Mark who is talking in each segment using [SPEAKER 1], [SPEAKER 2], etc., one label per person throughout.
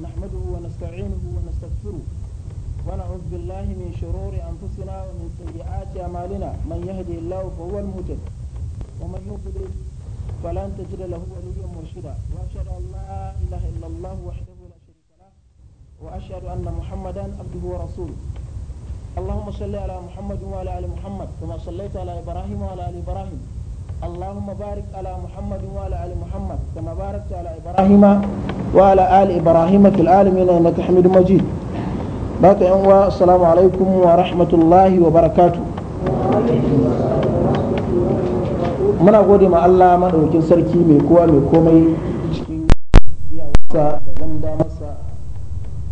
[SPEAKER 1] نحمده ونستعينه ونستغفره ونعوذ بالله من شرور أنفسنا ومن سيئات أعمالنا من يهدي الله فهو المهتد ومن يضلل فلن تجد له وليا مرشدا وأشهد أن لا إله إلا الله وحده لا شريك له وأشهد أن محمدا عبده ورسوله اللهم صل على محمد وعلى آل محمد كما صليت على إبراهيم وعلى آل إبراهيم اللهم بارك على محمد وعلى آل محمد كما باركت على إبراهيم وعلى آل إبراهيم في العالمين إنك حميد مجيد بات السلام عليكم ورحمة الله وبركاته muna gode ma Allah maɗaukin sarki mai kowa mai komai cikin iyawarsa da ganda masa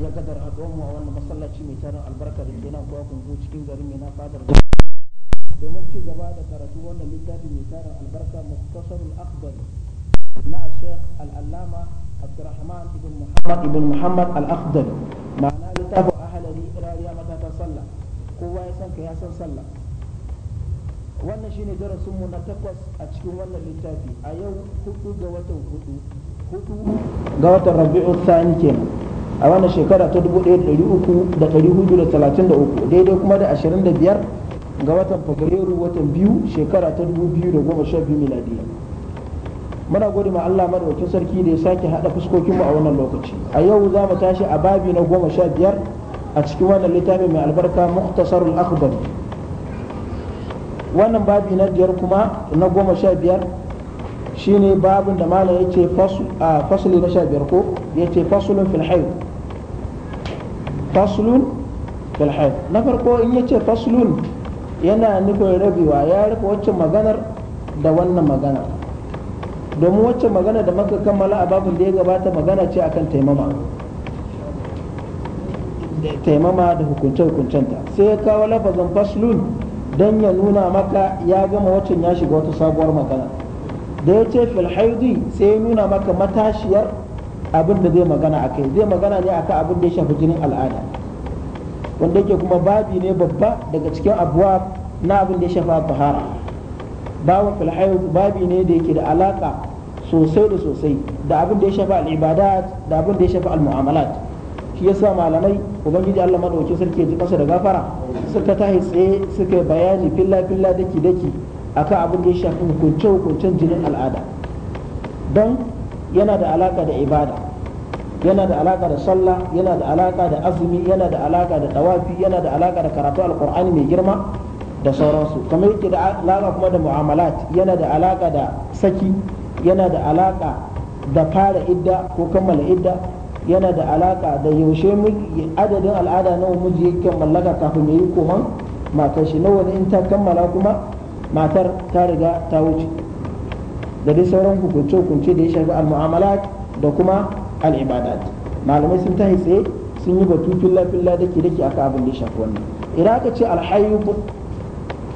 [SPEAKER 1] ya kadar hadomu a wannan masallaci mai tarin albarka da ke nan kuwa kunzu cikin garin mai na fadar domin ci gaba da karatu wannan littafi mai tarin albarka muktasarul akhdar na al-sheikh al-allama abdurrahman ibn muhammad ibn muhammad al-akhdar ma'ana littafin ahalari rariya mata sallah kowa ya san ka ya san sallah wannan shine darasin mu na takwas a cikin wannan littafi a yau hudu ga watan hudu hudu ga watan rabi'u thani kenan a wannan shekara ta 1333 daidai kuma da 25 ga watan fabrairu watan biyu shekara ta dubu biyu da goma sha biyu miladiya muna gode ma Allah madaukakin sarki da ya sake hada fuskokinmu mu a wannan lokaci a yau za mu tashi a babi na goma sha biyar a cikin wannan littafi mai albarka muktasarul akhbar wannan babi na biyar kuma na goma sha biyar shine babin da mala ya ce fasuli na sha biyar ko ya ce fasulun filhai fasulun filhai na farko in ya ce fasulun yana nufin rabewa ya rufe wacce maganar da wannan magana domin wacce magana da maka kammala a babin da ya gabata magana ce akan taimama taimama da hukunce-hukuncenta sai ya kawo lafazin faslun don ya nuna maka ya gama waccan ya shiga wata sabuwar magana da ya ce filhaidi sai ya nuna maka matashiyar abin da zai magana a kai zai magana ne akan abin da ya shafi jinin al'ada wanda yake kuma babi ne babba daga cikin abuwa na abin da ya shafa tahara babu fil babi ne da yake da alaka sosai da sosai da abin da ya shafa al da abin da ya shafa al shi ya sa malamai ubangiji Allah maɗauki sarki ya ji ƙasa da gafara suka tahi tsaye suka bayani filla filla daki daki akan abin da ya shafi hukunce hukuncen jinin al'ada don yana da alaka da ibada yana da alaka da sallah yana da alaka da azumi yana da alaka da tawafi yana da alaka da karatu alkur'ani mai girma da sauransu kamar yake da alaka kuma da mu'amalat yana da alaka da saki yana da alaka da fara idda ko kammala idda yana da alaka da yaushe adadin al'ada nawa miji yake mallaka kafin ya koman matar shi nawa wani in ta kammala kuma matar ta riga ta wuce da dai sauran hukunce-hukunce da ya shafi al-mu'amalat da kuma al-ibadat malamai sun tahi tsaye sun yi batu filla-filla dake dake aka abin da ya shafi wannan idan aka ce alhayyu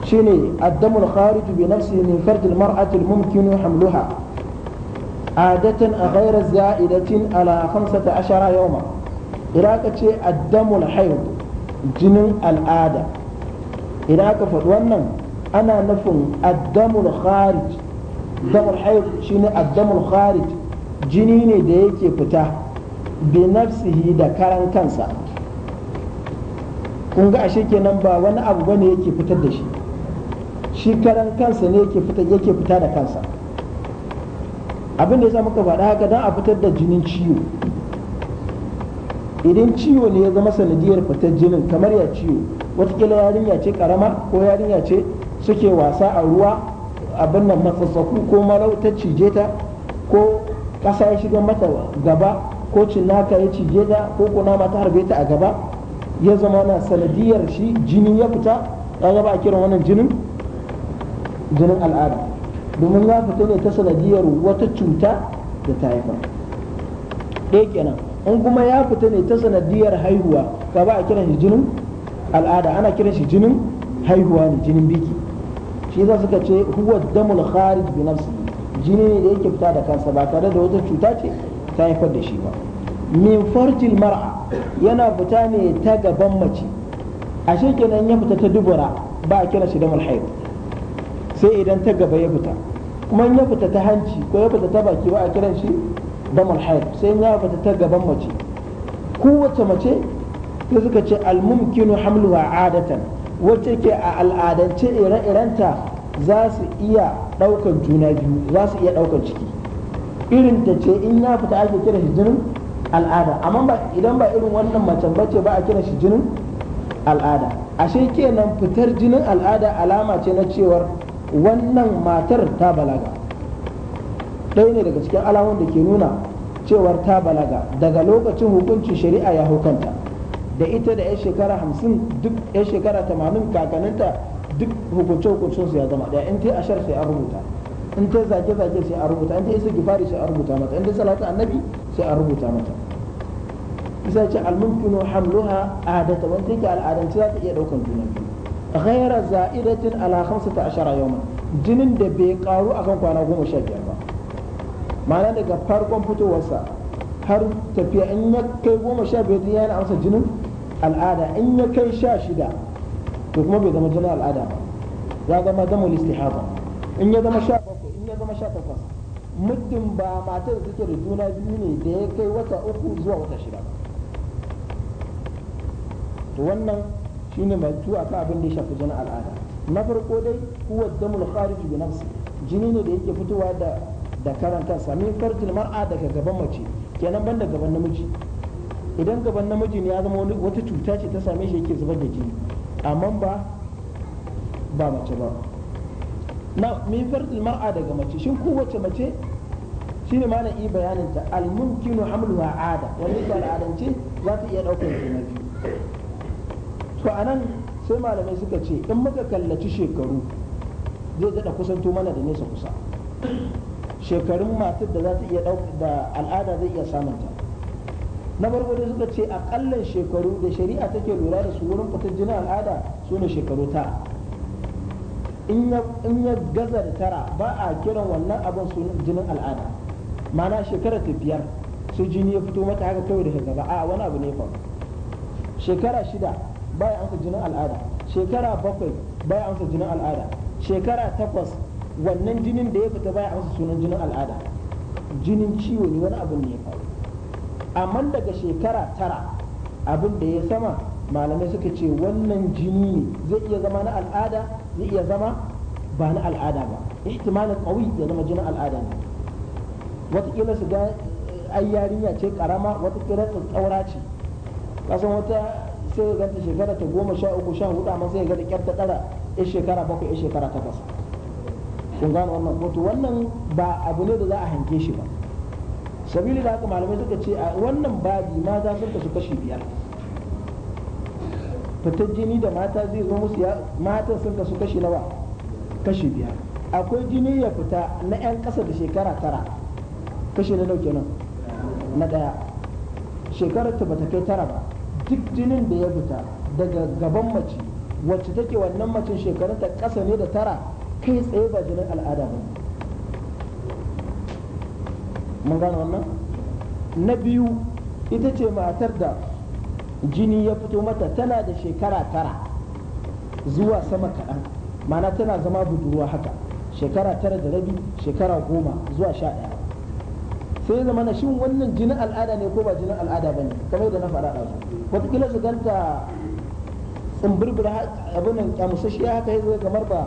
[SPEAKER 1] shine addamul kharij bi nafsi min fard al mar'ati al mumkin hamluha adatan a ghayra za'idatin ala 15 yawma idan aka ce addamul hayd jinin al'ada idan aka faɗi wannan ana nufin addamul kharij damul hayd shine addamul kharij jini ne da yake fita bi nafsihi da karan kansa kun ga ashe kenan ba wani abu bane yake fitar da shi shi karan kansa ne yake fita yake fita da kansa abin da yasa muka faɗa haka don a fitar da jinin ciwo idan ciwo ne ya zama sanadiyar fitar jinin kamar ya ciwo watakila yarinya ce karama ko yarinya ce suke wasa a ruwa abin nan matsatsaku ko marauta cijeta cije ta ko ƙasa ya shiga mata gaba ko cinaka ya cije ta ko kuna mata harbe ta a gaba ya zama na sanadiyar shi jini ya fita ɗan gaba a kiran wannan jinin jinin al'ada domin ya fita ne ta sanadiyar wata cuta da ta haifar ɗaya kenan in kuma ya fita ne ta sanadiyar haihuwa ka ba a kiran shi jinin al'ada ana kiran shi jinin haihuwa ne jinin biki shi su suka ce huwa damul kharij bi nafsi jini ne da yake fita da kansa ba tare da wata cuta ce ta haifar da shi ba min farjil mar'a yana fita ne ta gaban mace ashe kenan ya fita ta dubura ba a kiran shi damul haihuwa sai idan ta gaba ya fita kuma in ya fita ta hanci ko ya fita ta baki ba a kiran shi damar haif sai ya fita ta gaban mace kowace mace ta suka ce almumkinu hamluwa adatan wacce ke a al'adance ire-irenta za su iya ɗaukan juna biyu za su iya ɗaukan ciki irin ta ce in ya fita ake kira shi jinin al'ada amma idan ba irin wannan macen bace ba a kira shi jinin al'ada ashe kenan fitar jinin al'ada alama ce na cewar wannan matar ta balaga ɗaya ne daga cikin alamun da ke nuna cewar ta balaga daga lokacin hukuncin shari'a ya hukanta da ita da 'yan shekara hamsin duk 'yan shekara tamanin kakaninta duk hukunce hukuncin su ya zama ɗaya in ta ashar sai an rubuta in ta zage zage sai an rubuta in ta isa gifari sai an rubuta mata in ta salatu annabi sai an rubuta mata isa ce almumkinu hamluha adata wanda ke al'adance za ta iya ɗaukan juna biyu ghaira za'idatin ala 15 yawman jinin da bai karu akan kwana 15 ba ma'ana daga farkon fitowarsa har tafiya in ya kai 15 ya yana amsa jinin al'ada in ya kai 16 to kuma bai zama jinin al'ada ba ya zama damul istihaba in ya zama 17 in ya zama 18 muddin ba matar da take da juna biyu ne da ya kai wata uku zuwa wata shida to shine mai tu akan abin da ya shafi jinin al'ada na farko dai huwa damul khariji bi nafsi jini ne da yake fitowa da da karan kansa min farjil mar'a daga gaban mace kenan banda gaban namiji idan gaban namiji ne ya zama wata cuta ce ta same shi yake zubar da jini amma ba ba mace ba na min farjil mar'a daga mace shin kowace mace shine ma na yi bayanin ta al mumkinu hamluha ada wani ba al'adance za ta iya daukar juna biyu to nan sai malamai suka ce in muka kallaci shekaru zai daɗa kusanto mana da nesa kusa shekarun matar da za ta iya da al'ada zai iya samunta na farko dai suka ce akallan shekaru da shari'a take lura da su wurin fitar jinin al'ada su ne shekaru ta in ya gaza da tara ba a kiran wannan abin sunan jinin al'ada mana shekara ta biyar su jini ya fito mata haka kawai daga gaba a wani abu ne fa shekara shida baya amsa jinin al'ada shekara bakwai baya amsa jinin al'ada shekara takwas wannan jinin da ya fita baya amsa sunan jinin al'ada jinin ciwo ne wani abin ne ya faru amma daga shekara tara abin da ya sama malamai suka ce wannan jini ne zai iya zama na al'ada zai iya zama ba na al'ada ba ihtimalin kawai ya zama jinin al'ada ne watakila su ga eh, ai yarinya ce karama watakila tsaura ce kasan wata sai ya ganta shekara ta goma sha uku sha hudu amma sai ya ga kyar ta dara ya shekara bakwai ya shekara takwas kun gane wannan ko wannan ba abu ne da za a hanke shi ba sabili da haka malamai suka ce a wannan babi maza sun kasu kashi biyar fitar jini da mata zai zo musu matan sun kasu kashi nawa kashi biyar akwai jini ya fita na 'yan ƙasa da shekara tara kashi na nauke nan na ɗaya shekarar ta bata kai tara ba duk jinin da ya fita daga gaban mace wacce take wannan macin shekarunta ƙasa ne da tara kai tsaye ba jinin al'ada ba mun gane wannan na biyu ita ce matar da jini ya fito mata tana da shekara tara zuwa sama kaɗan mana tana zama budurwa haka shekara tara da rabi shekara goma zuwa sha ɗaya sai zama na shin wannan jinin al'ada ne ko ba jinin al'ada ba ne kamar da na faɗa ɗazu watakila su ganta tsumbirbira abin nan kyamusashiya haka yanzu kamar ba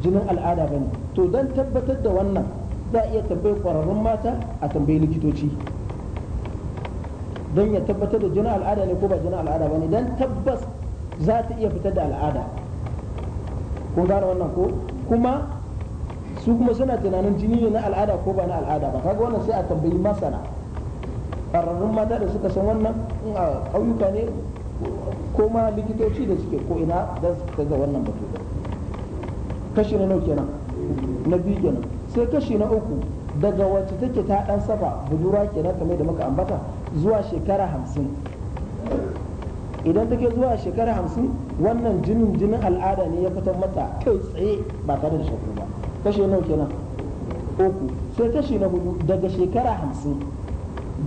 [SPEAKER 1] jinin al'ada ba ne to don tabbatar da wannan za a iya tambayi kwararrun mata a tambayi likitoci don ya tabbatar da jinin al'ada ne ko ba jinin al'ada ba ne don tabbas za ta iya fitar da al'ada kun gane wannan ko kuma su kuma suna tunanin jini ne na al'ada ko ba na al'ada ba kaga wannan sai a tambayi masana ƙararrun mata da suka san wannan in a ƙauyuka ne ko ma likitoci da suke ko ina don su ga wannan batu kashi na nauke nan na biyu kenan sai kashi na uku daga wacce take ta ɗan saba budura kenan kamar da muka ambata zuwa shekara hamsin idan take zuwa shekara hamsin wannan jinin jinin al'ada ne ya fitar mata kai tsaye ba tare da shakku ba kashi nauke kenan uku sai kashi na hudu daga shekara hamsin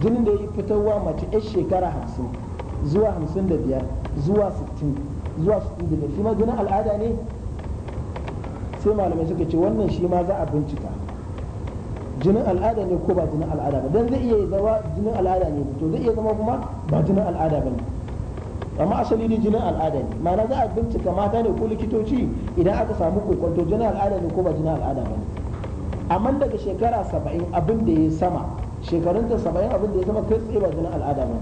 [SPEAKER 1] jinin da ya yi fitarwa mace 'yan shekara hamsin zuwa hamsin da biyar zuwa sittin zuwa sittin shi ma jinin al'ada ne sai malamai suka ce wannan shi ma za a bincika jinin al'ada ne ko ba jinin al'ada ba don zai iya zama jinin al'ada ne to zai iya zama kuma ba jinin al'ada ba ne amma asali ne jinin al'ada ne ma'ana za a bincika mata ne ko likitoci idan aka samu kokonto jinin al'ada ne ko ba jinin al'ada ba ne amma daga shekara saba'in abin da ya sama shekarun ta saba'in abin da ya zama kai tsaye ba jinin al'ada ba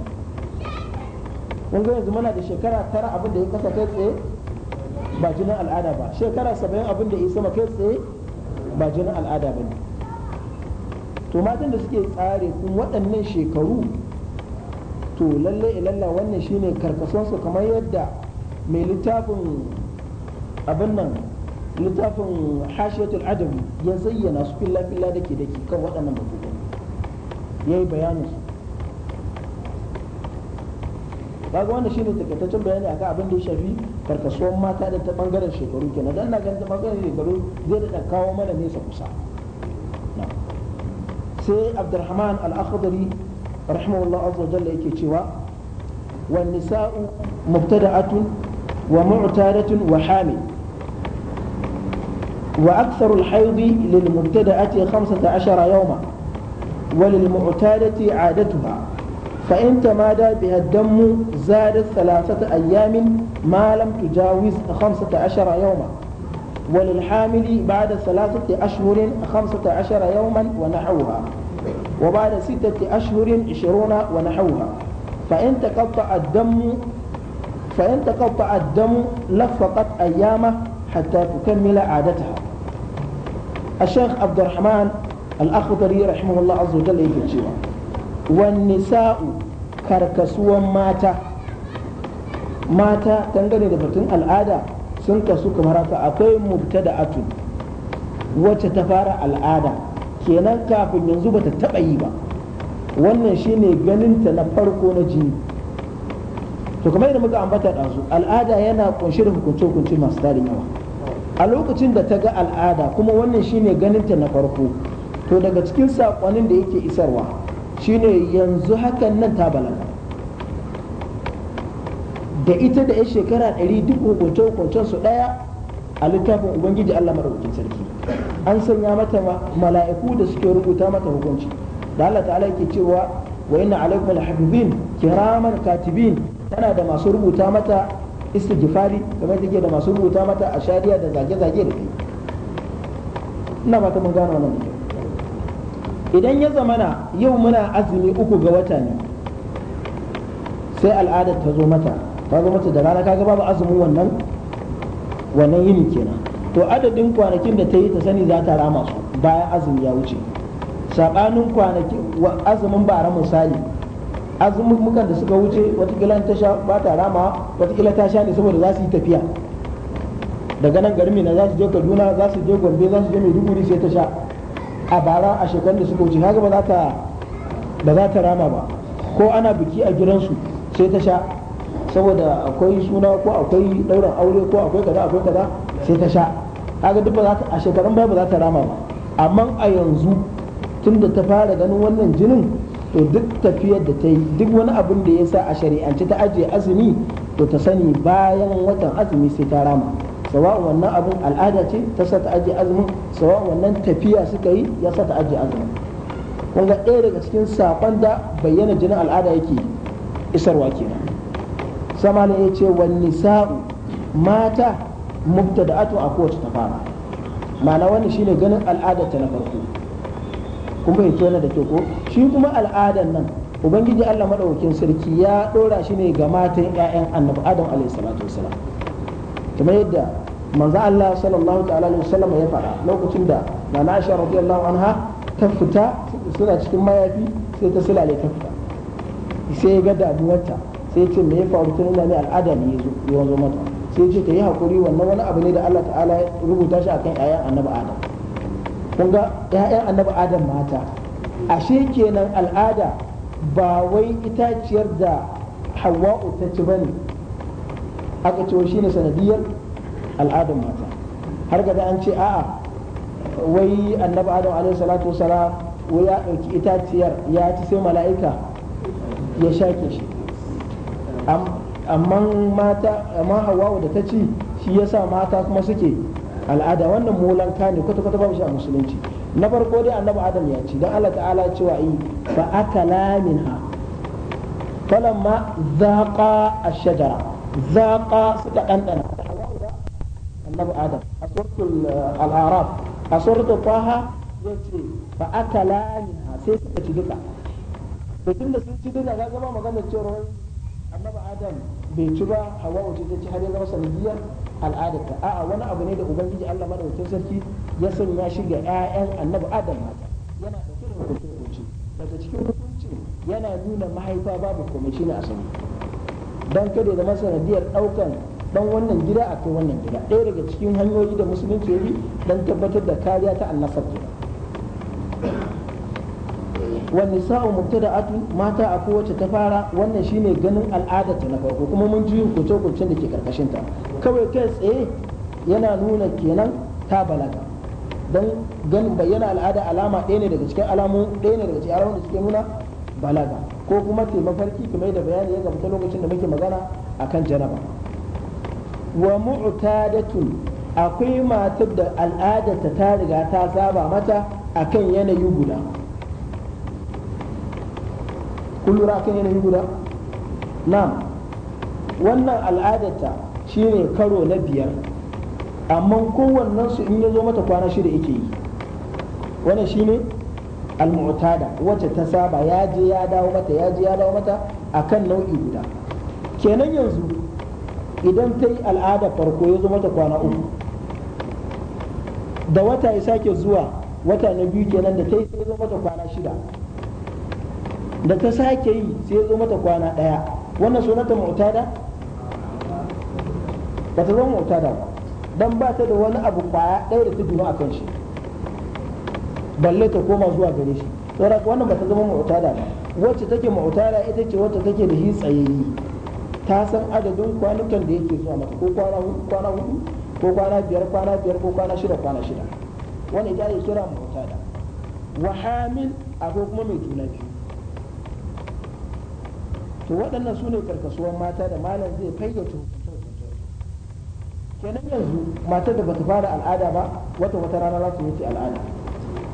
[SPEAKER 1] kun ga yanzu muna da shekara tara abin da ya kasa kai tsaye ba jinin al'ada ba shekara saba'in abin da ya sama kai tsaye ba jinin al'ada ba ne to matan da suke tsare kun waɗannan shekaru to lalle ilalla wannan shine karkasonsu kamar yadda mai littafin abin nan littafin hashiyatul adabi ya zayyana su filla filla dake dake kan waɗannan mutum ya yi bayanin su kaga wanda ne takaitaccen bayani akan abin da ya shafi karkasuwan mata da ta bangaren shekaru ke dan na ganin ta bangaren shekaru zai da kawo mana nesa kusa sai abdurrahman al-akhdari rahimahullah azza jalla yake cewa wan nisa'u mubtada'atun wa tun wa hamil wa aktharu al-hayd lil mubtada'ati 15 yawma وللمعتادة عادتها فإن تمادى بها الدم زادت ثلاثة أيام ما لم تجاوز خمسة عشر يوما وللحامل بعد ثلاثة أشهر خمسة عشر يوما ونحوها وبعد ستة أشهر عشرون ونحوها فإن تقطع الدم فإن تقطع الدم لفقت أيامه حتى تكمل عادتها الشيخ عبد الرحمن al-akhdari rahimahullah azza wa da yake cewa Wani sau karkasuwan mata mata dangane da batun al'ada sun kasu kamar haka akwai atu wacce ta fara al'ada kenan kafin yanzu bata taba yi ba wannan shi ne ganinta na farko na jini to kamar yadda muka ambata su al'ada yana kunshi da hukunce-hukunce masu tarin yawa a lokacin da ta ga al'ada kuma wannan shi ne ganinta na farko to daga cikin saƙonin da yake isarwa shine yanzu hakan nan ta balaga da ita da ya shekara ɗari duk hukunce-hukuncen su ɗaya a littafin ubangiji allah maɗaukakin sarki an sanya mata mala'iku da suke rubuta mata hukunci da allah ta'ala ke cewa wa ina alaikum alhafizin kiraman katibin tana da masu rubuta mata istighfari kamar take da masu rubuta mata ashariya da zage-zage da kai ina ba ta mun gano wannan idan ya zamana yau muna azumi uku ga wata ne sai al'adar ta zo mata ta zo mata da rana ka kaga babu azumin wannan wannan yini kenan to adadin kwanakin da ta yi ta sani za ta rama su bayan azumi ya wuce sabanin wa azumin bara misali azumin mukan da suka wuce watakila ta sha ba ta rama watakila ta sha ne saboda za su yi tafiya daga nan garin na za su je kaduna za su je gombe za su je maiduguri sai ta sha a bara a shekarun da suka wuce kaga ba za ta za ta rama ba ko ana biki a gidansu sai ta sha saboda akwai suna ko akwai ɗaurin aure ko akwai kaza akwai kaza sai ta sha kaga duk a shekarun baya ba za ta rama ba amma a yanzu tunda ta fara ganin wannan jinin to duk tafiyar da ta yi duk wani abin da ya sa a shari'ance ta ajiye azumi to ta sani bayan watan azumi sai ta rama sawa wannan abin al'ada ce ta sa ta ajiye azumin sawa wannan tafiya suka yi ya sa ta ajiye azumin kun ga ɗaya daga cikin saƙon da bayyana jinin al'ada yake isarwa kenan samalin ya ce wani sa'u mata mubtada'atu a kowace ta fara ma'ana wani shine ganin al'ada ta na farko kun fahimci wannan da ke ko shi kuma al'adar nan ubangiji Allah madaukakin sarki ya ɗora shi ne ga matan ƴaƴan annabi Adam alaihi wasalam kamar yadda manzo Allah sallallahu ta'ala alaihi wasallam ya fara lokacin da nana Aisha radiyallahu anha ta fita suna cikin mayafi sai ta sulale ta fita sai ga damuwarta sai ce me ya faru tun ina ne al'ada ne ya yanzu mata sai ce ta yi hakuri wannan wani abu ne da Allah ta'ala ya rubuta shi akan ƴaƴan annabi Adam kun ga annabi Adam mata ashe kenan al'ada ba wai itaciyar da Hawwa'u ta ci bane aka ce shine sanadiyar al'adun mata har ga an ce a'a wai annabi adam alaihi salatu wasala wai ya dauki itaciyar ya ci sai mala'ika ya shake shi amma mata amma hawawa da ta ci shi yasa mata kuma suke al'ada wannan molanka ne kwata kwata babu shi a musulunci na farko dai annabi adam ya ci don Allah ta'ala cewa yi fa akala minha falamma zaqa ash-shajara ذاق سكأن النبي آدم أسورة الأعراف أسورة طه suka ci duka to tunda ci duka ga gaba magana cewa annabi adam bai ci ba hawa wace har ya zama sanadiyar al'adarta a'a wani abu ne da ubangiji Allah madaukakin sarki ya sanya shi ga annabi adam mata yana dauke cikin yana mahaifa babu Don kada ya zama sanadiyar daukan dan wannan gida a kai wannan gida ɗaya daga cikin hanyoyi da musulunci ya bi don tabbatar da kariya ta annasar gida wani sa'u atu mata a kowace ta fara wannan shine ganin al'adarta na farko kuma mun ji hukunce-hukuncen da ke karkashin ta kawai kai tsaye yana nuna kenan ta balaga don ganin bayyana al'ada alama ɗaya ne daga cikin alamu ɗaya ne daga cikin alamun da suke nuna balaga ko kuma ke mafarki kamar da bayani ya gamta lokacin da muke magana a kan janaba wa mu'tadatun akwai matar da al'adarta ta riga ta saba mata akan yanayi guda kun kan yanayi guda na'am wannan al'adarta shine karo na biyar amma kowannansu in ya zo mata kwana shida yake yi wannan shine al-mu'tada wacce ta saba ya je ya dawo mata ya je ya dawo mata akan nau'i guda kenan yanzu idan ta yi al'ada farko ya zo mata kwana uku da wata ya sake zuwa wata na biyu kenan da ta yi sai zo mata kwana shida da ta sake yi sai ya zo mata kwana ɗaya wannan sunanta da ba ta mauta da ba dan ba ta da wani abu kwaya ɗaya da ta duna a kan shi balle ta koma zuwa gare shi saboda wannan ba ta zama mu'tada ba wacce take mu'tada ita ce wacce take da hitsayayyi ta san adadin kwanukan da yake zuwa mata ko kwana hudu kwana hudu ko kwana biyar kwana biyar ko kwana shida kwana shida wani ita ya kira mu'tada wa hamil akwai kuma mai juna biyu to waɗannan su ne karkasuwan mata da malam zai fayyace kenan yanzu matar da bata fara al'ada ba wata wata rana za su wuce al'ada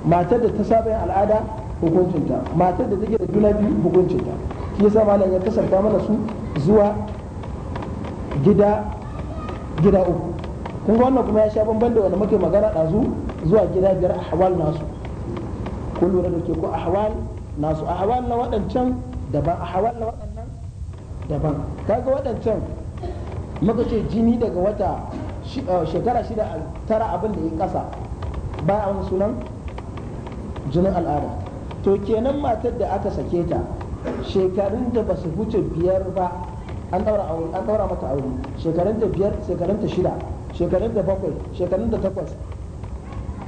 [SPEAKER 1] matar da ta saba yin al'ada hukuncinta matar da take da juna biyu hukuncinta shi yasa malam ya kasanta mana su zuwa gida gida uku kun ga wannan kuma ya sha bamban da wanda muke magana ɗazu zuwa gida biyar ahwal nasu ko lura da ke ko ahwal nasu ahwal na waɗancan daban ahwal na waɗannan daban kaga waɗancan muka ce jini daga wata eh, shekara shida tara abin da ya ƙasa ba a sunan jinin al'ada to kenan matar da aka sake ta shekarun da ba su huce biyar ba an daura mata aure shekarun da biyar shekarun da shida shekarun da bakwai shekarun da takwas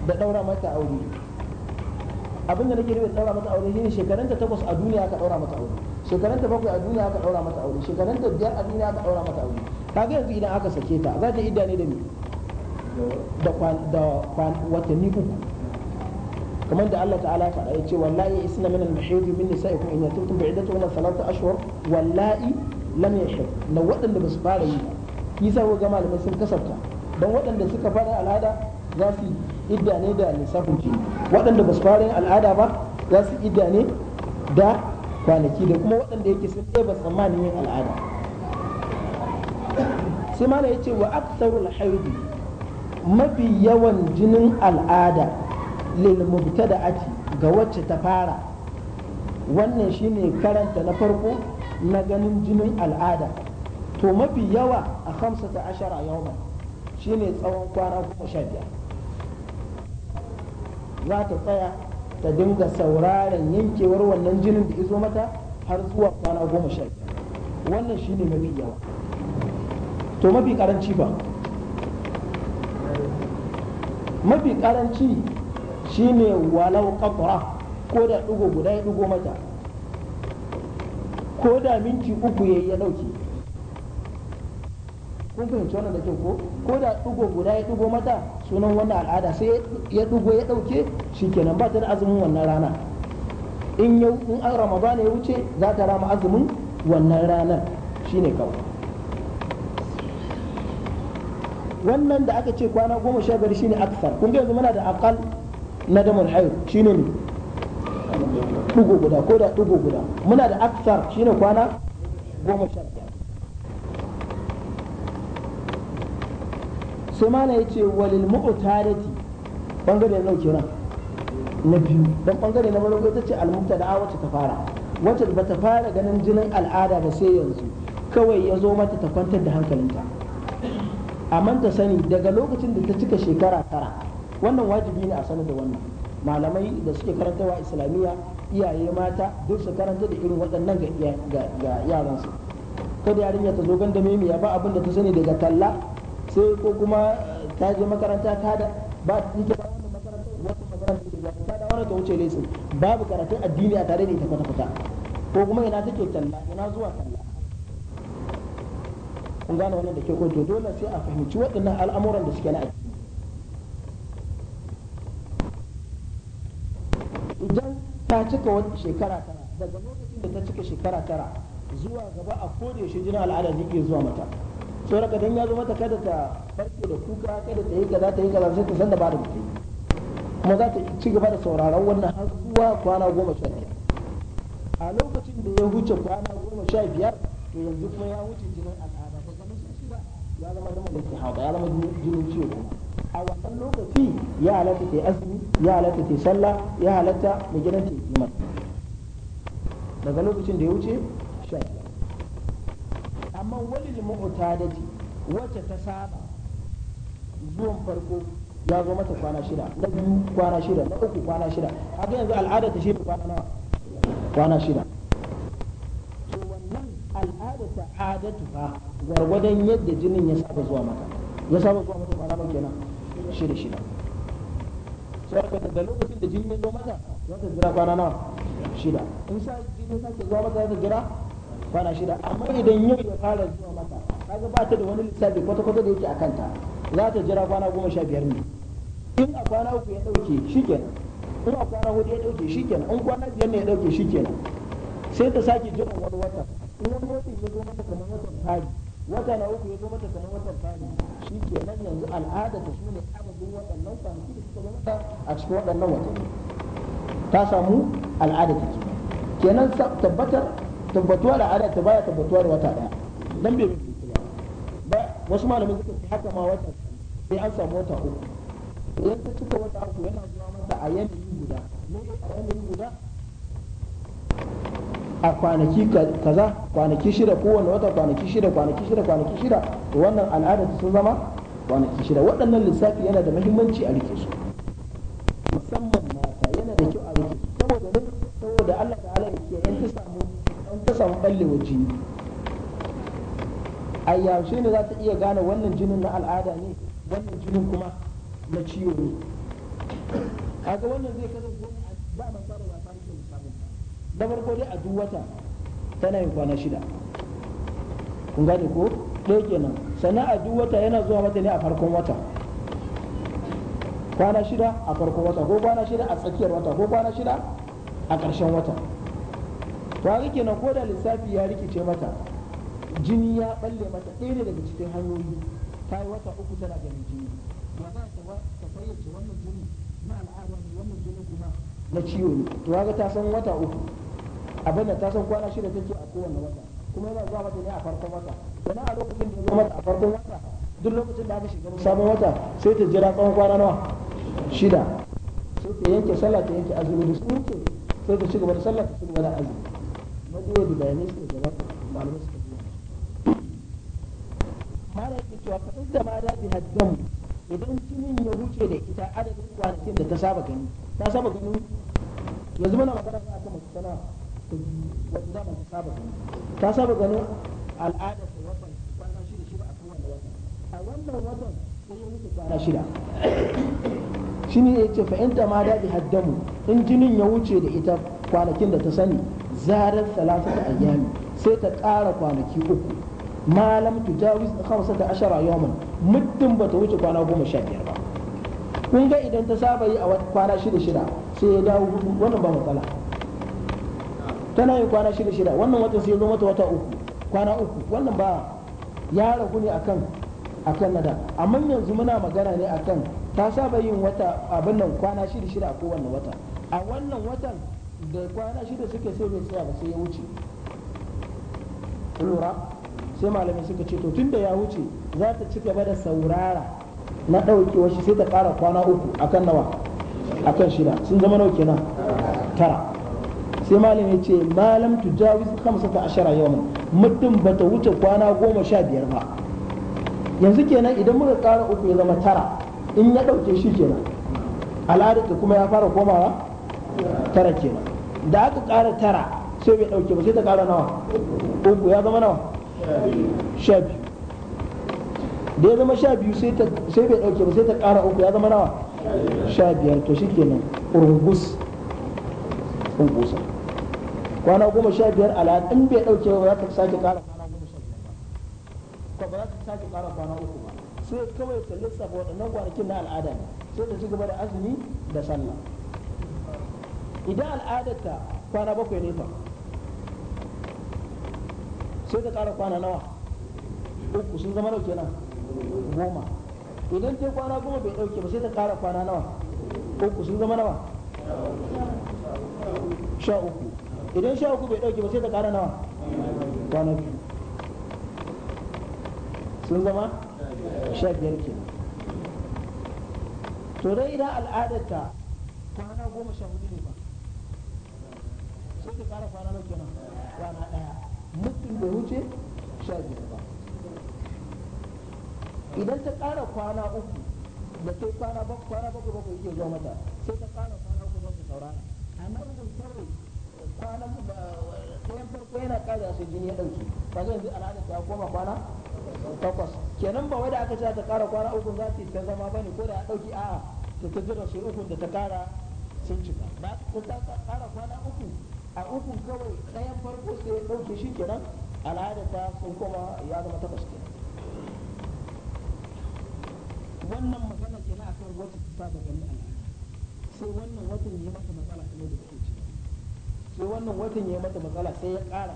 [SPEAKER 1] da daura mata aure abin da nake da daura mata aure shine shekarun da takwas a duniya aka daura mata aure shekarun da bakwai a duniya aka daura mata aure shekarun da biyar a duniya aka daura mata aure kaga yanzu idan aka sake ta za ta idda ne da ni da watanni uku kamar da Allah ta'ala ya faɗa yace wallahi isna min al-mahid min nisa'ikum in yatimtum bi'iddatuhum salatu ashhur wallahi lam yashhur na waɗanda ba su fara yi yasa ga malamai sun kasafta don waɗanda suka fara al'ada za su idda ne da lissafin jini waɗanda ba su fara yin al'ada ba za su idda ne da kwanaki da kuma waɗanda yake sun ɗaya ba tsammanin yin al'ada sai mana yace wa aksarul haidi mafi yawan jinin al'ada lil ake ga wacce ta fara wannan shine karanta na farko na ganin jinin al'ada to mafi yawa a ta ashara yawman shine tsawon kwana kuma sha biyar za ta tsaya ta dinga sauraren yankewar wannan jinin da izo mata har zuwa kwana goma sha biyar wannan shine mafi yawa to mafi karanci ba mafi karanci Shi ne walau qatra ko da dugo guda ya ɗigo mata ko da minti uku yayi ya ɗauke kun fahimci wannan da kyau ko ko da guda ya ɗigo mata sunan wannan al'ada sai ya ɗigo ya dauke shikenan ba ta da azumin wannan rana in yau in an ramadan ya wuce za ta rama azumin wannan ranar ne kawai wannan da aka ce kwana goma sha biyar ne aksar kun ga yanzu muna da akal na damar hayo shine ne dugo guda ko da dugo guda muna da aksar shine kwana goma sha sai mana ya ce walil mu'tarati bangare na nauke nan na biyu don bangare na farko ita ce almubta da wacce ta fara wacce ba ta fara ganin jinin al'ada ba sai yanzu kawai ya zo mata ta kwantar da hankalinta amma ta sani daga lokacin da ta cika shekara tara wannan wajibi ne a sanar da wannan malamai da suke karantarwa islamiyya iyaye mata duk su karanta da irin waɗannan ga yaransu kada yarinya ta zo ganda memiya ba abin da ta sani daga talla sai ko kuma eh, ta je makaranta ta da ba ta yi wannan makarantar wata makarantar da ta da wani ta wuce lesin babu karatun addini a tare da ita kwata-kwata ko kuma ina take talla ina zuwa talla kun gane wannan da ke ko to dole sai a fahimci waɗannan al'amuran da suke na aiki. ta cika wata shekara tara daga lokacin da ta cika shekara tara zuwa gaba a koda shi jinin al'ada zai iya zuwa mata so ka don ya zo mata kada ta farko da kuka kada ta yi kaza ta yi kaza sai ta san da ba da mutum kuma za ta ci gaba da sauraron wannan har zuwa kwana goma sha biyar a lokacin da ya huce kwana goma sha biyar to yanzu kuma ya wuce jinin al'ada ba zama shi ba ya zama da malaki ya zama jinin ciwo kuma a wannan lokaci ya halatta ta azumi ya halatta ta sallah ya halatta mai gidan ta iman daga lokacin da ya wuce sha amma da ce wacce ta saba zuwan farko ya zo mata kwana shida na biyu kwana shida na uku kwana shida haka yanzu al'ada ta shi kwana nawa kwana shida to wannan al'ada ta adatu ha gwargwadon yadda jinin ya saba zuwa mata ya saba zuwa mata kwana kenan shida shida sai ka da lokacin da jini ya zo mata za ta jira kwana nawa shida in sa jini sake zuwa mata za ta jira kwana shida amma idan yau ya fara zuwa mata kaga ba ta da wani lissafi kwata-kwata da yake a kanta za ta jira kwana goma sha biyar ne in a kwana uku ya dauke shikenan in a kwana hudu ya dauke shikenan in kwana biyar ne ya dauke shikenan sai ta sake jiran wani wata in wani wata ya zo mata kamar watan fari wata na uku ya zo mata kamar watan fari shi ke nan yanzu al'ada ta su ne adadin waɗannan kwanaki da suka zama a cikin waɗannan watanni ta samu al'ada ta kenan kenan tabbatar tabbatuwa da al'ada ta baya tabbatuwa da wata ɗaya dan bai ba wasu malamin suka ce haka ma wata sai an samu wata uku idan ta cika wata uku yana zuwa mata a yanayi guda ne a yanayi guda a kwanaki kaza kwanaki shida kowane wata kwanaki shida kwanaki shida kwanaki shida to wannan al'ada sun zama kwanaki shida waɗannan lissafi yana da muhimmanci a rike su musamman mata yana da kyau a rike su saboda ne saboda Allah ta'ala ya ce in ta samu in ta samu balle waje a yaushe ne za ta iya gane wannan jinin na al'ada ne wannan jinin kuma na ciwo ne kaga wannan zai kasance da farko dai a duk wata tana yin kwana shida kun gane ko ɗaya kenan sannan a duk wata yana zuwa mata ne a farkon wata kwana shida a farkon wata ko kwana shida a tsakiyar wata ko kwana shida a ƙarshen wata to ga kenan ko da lissafi ya rikice mata jini ya balle mata ɗaya ne daga cikin hanyoyi ta yi wata uku tana ganin jini ba za ta fayyace wannan jini na al'ada ne wannan jini kuma na ciwo ne to ga ta san wata uku abin da ta san kwana shida take a kowane wata kuma yana zuwa mata ne a farkon wata sannan a lokacin da ya zo mata a farkon wata duk lokacin da aka shiga sabon wata sai ta jira tsawon kwana nawa shida sai ta yanke sallah ta yanke azumi da sun yanke sai ta cigaba da sallah ta cigaba da azumi madiwa da bayanai suka gabata malamai suka zuwa. mara yake cewa ka da ma da bi haddamu idan jinin ya wuce da ita adadin kwanakin da ta saba gani ta saba gani yanzu mana magana za a kama mace ta biyu ta saba gani ta saba ganin al'adar ta watan kwana shida shida a kowane wata a wannan watan sai ya wuce kwana shida shi ne ya ce fa'inta ma daɗi haddamu in jinin ya wuce da ita kwanakin da ta sani zarar salasa ta ayyami sai ta ƙara kwanaki uku malam tujawiz khamsa ta ashara yawon muddin ba ta wuce kwana goma sha biyar ba kun ga idan ta saba yi a kwana shida shida sai ya dawo hudu wannan ba matsala tana yi kwana shida shida wannan watan sai zo mata wata uku kwana uku wannan ba ya ragu ne akan akan nada amma yanzu muna magana ne akan ta saba yin wata abin nan kwana shida shida a kowanne wata a wannan watan da kwana shida suke sai bai tsaya ba sai ya wuce lura sai malamai suka ce to tunda ya wuce za ta ci gaba da saurara na ɗaukewa shi sai ta ƙara kwana uku akan nawa akan shida sun zama nau kenan tara sai malam ya ce malam tujawiz khamsata ashara mutum ba ta wuce kwana goma sha biyar ba yanzu kenan idan muka ƙara uku ya zama tara in ya ɗauke shi kenan al'adar ta kuma ya fara komawa tara kenan da aka ƙara tara sai bai ɗauke ba sai ta ƙara nawa uku ya zama nawa sha biyu da ya zama sha biyu sai bai ɗauke ba sai ta ƙara uku ya zama nawa sha biyar to shi kenan urgus urgusa kwana goma sha biyar ala in bai dauke ba za ka sake kara kwana goma sha biyar ba ba za ka sake kara kwana uku ba sai kawai ka lissafa waɗannan kwanakin na al'ada ne sai ka ci gaba da azumi da sallah idan al'adarta kwana bakwai ne fa sai ta kara kwana nawa uku sun zama dauke nan goma idan ta kwana goma bai dauke ba sai ta kara kwana nawa uku sun zama nawa sha uku idan sha uku bai dauke ba sai ta kara nawa kwana biyu sun zama sha biyar ke to dai idan al'adar ta kwana goma sha hudu ne ba sai ta kara kwana nawa kenan kwana daya mutum bai wuce sha biyar ba idan ta kara kwana uku da sai kwana bakwai bakwai yake zuwa mata sai ta kara kwana uku ba su saurara amma da sauri kwanan ɗayan farko yana ƙara a sai jini ya ɗauki ba zai yanzu al'ada ta koma kwana takwas kenan ba wanda aka ce ta ƙara kwana uku za ta ta zama ne ko da ya ɗauki a ta ta jira su uku da ta ƙara sun cika ba ta ta ƙara kwana uku a uku kawai ɗayan farko sai ya ɗauke shi kenan al'ada ta sun koma ya zama takwas kenan wannan magana kenan akan wata ta da gani al'ada sai wannan watan ya mata matsala kamar da kuke sai wannan watan ya mata matsala sai ya ƙara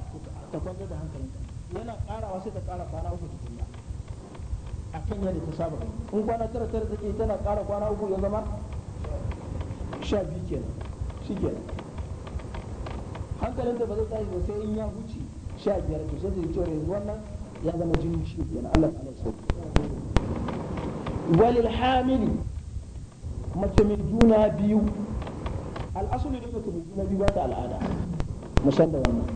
[SPEAKER 1] ta kwantar da hankalinta yana ƙarawa wasu ta ƙara kwana uku tukunna a kan yadda ta saba in kwana tara tara take tana ƙara kwana uku ya zama sha biyu kenan shi kenan hankalinta ba zai tashi ba sai in ya huce sha biyar to sai ta yi cewa yanzu wannan ya zama jini shi kenan Allah ta alaihi walil hamili mace mai juna biyu al'asulu dai baka juna biyu ba ta al'ada san da wannan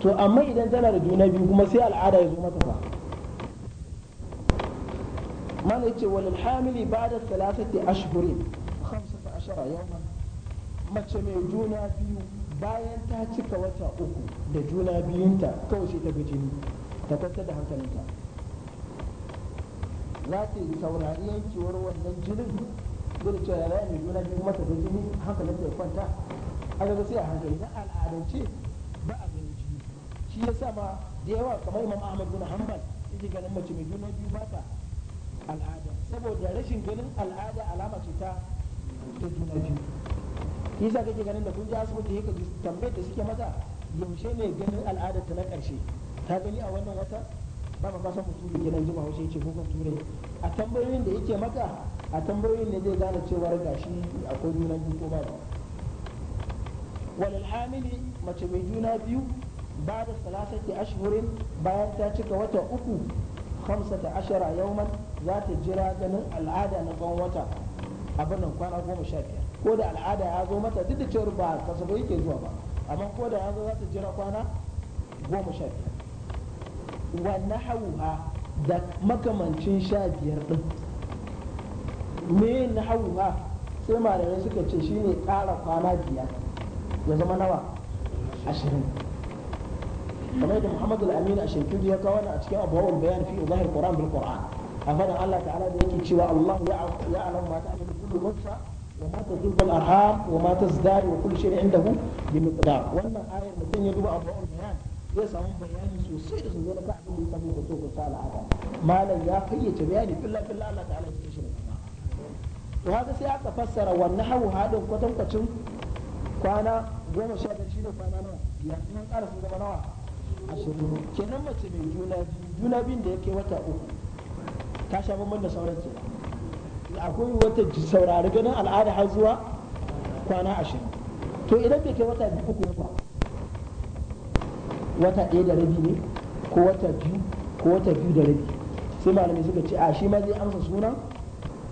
[SPEAKER 1] to amma idan tana da juna biyu kuma sai al'ada ya zo mata fa mana yace walil hamili ba'da thalathati ashhurin 15 yawman mace mai juna biyu bayan ta cika wata uku da juna biyunta kawai sai ta jini ta kwantar da hankalinta za ta yi saurari yankewar wannan jinin zai cewa yana mai juna biyu mata da jini hankalin ta ya kwanta a ga sai a hankali na al'adance ba a ganin jini shi ya sa ma da yawa kamar imam ahmad bin hanbal yake ganin mace mai juna biyu ba ta al'ada saboda rashin ganin al'ada alama ce ta ta juna biyu yasa kake ganin da kun ji asibiti yake tambayar da suke mata yaushe ne ganin al'adar ta na ƙarshe ta gani a wannan wata Baba ka san usuli kenan jima wasu yace ko turai a tambayoyin da yake maka a tambayoyin ne zai gane cewa gashi akwai juna biyu ko ba walil hamili mace mai juna biyu ba da salasati ashirin bayan ta cika wata uku khamsata ashara yawman za ta jira ganin al'ada na tsawon wata abin nan kwana goma sha biyar ko da al'ada ya zo mata duk da cewar ba kasafai yake zuwa ba amma ko da ya zo za ta jira kwana goma sha biyar wa nahawuha da makamancin sha biyar ɗin me na nahawuha sai malamai suka ce shine ƙara kwana biyar ya zama nawa ashirin kamar da Muhammadu al-Amin ash-Shaykhuti ya kawo a cikin abubuwan bayan fi zahir Qur'an bil Qur'an a fadan Allah ta'ala da yake cewa Allah ya alam ma ta'lamu kullu unsa wa ma tadullu al-arham wa ma tazdad wa kullu inda indahu bi miqdar wannan ayar mutum ya duba abubuwan bayan ya samu bayani sosai da sosai na saboda so ku sa al'ada malam ya fayyace bayani billa billa Allah ta'ala ya shi to haka sai aka fassara wannan hawu hadin kwatankwacin kwana goma sha biyar shi ne kwana nawa biyar mun ƙara sun zama nawa ashirin kenan mace mai juna biyu juna biyun da yake wata uku ta sha bambam da sauran ce akwai wata saurari ganin al'ada har zuwa kwana ashirin to idan bai kai wata uku ba wata ɗaya da rabi ne ko wata biyu ko wata biyu da rabi sai malamai suka ce a shi ma zai amsa sunan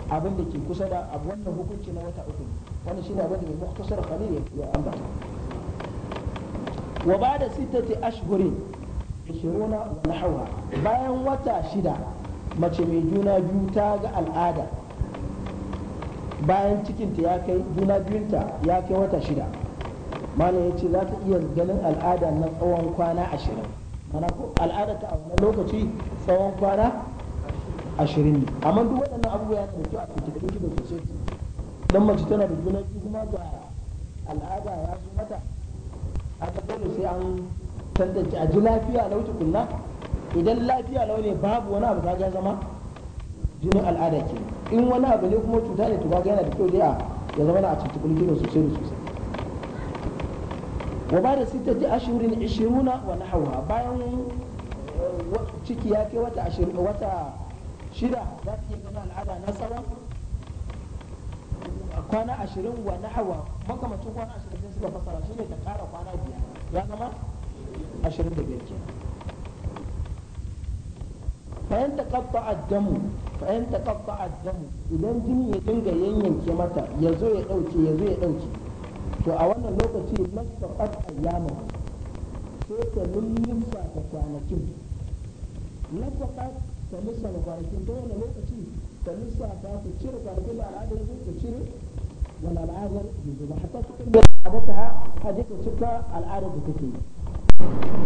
[SPEAKER 1] abin da ke kusa da abu wannan hukunci na wata uku wannan shine abin da mai muktasar khalil ya ambata wa ba'da sittati ashhurin 20 wa nahwa bayan wata shida mace mai juna biyu ta ga al'ada bayan cikinta ya kai juna biyunta ya kai wata shida malam ya ce za ta iya ganin al'ada na tsawon kwana ashirin mana ko al'ada ta a wannan lokaci tsawon kwana ashirin ne amma duk waɗannan abubuwa yana da kyau a tuntuɓe shi da sosai don mace tana da juna biyu kuma ga al'ada ya zo mata a ga dole sai an tantance a ji lafiya a lauti kunna. idan lafiya lau ne babu wani abu kaga zama jinin al'ada ke in wani abu ne kuma cuta ne to yana da kyau dai a ya zama na a tuntuɓe shi da sosai da sosai wa ba da sittati ashirin ishiruna wa hawa bayan eh, ciki ya ke wata ashirin wata shida za su iya zama al'ada na tsawon kwana ashirin wa nahawa makamacin kwana ashirin sai suka fasara shi ne ta kara kwana biyar ya zama ashirin da biyar kenan fayan taqatta addamu fayan taqatta addamu idan jini ya dinga yanyanke mata ya zo ya dauke ya zo ya dauke to a wannan lokaci lafafat ayyamin sai ta lullunsa ta kwanakin lafafat ta lissa da kwanakin ta wani lokaci ta lissa ta ta cire kwanakin al'adar su ta cire wani al'adar yanzu ba hatta su kan al'adar ta haje ta cika al'adar da take yi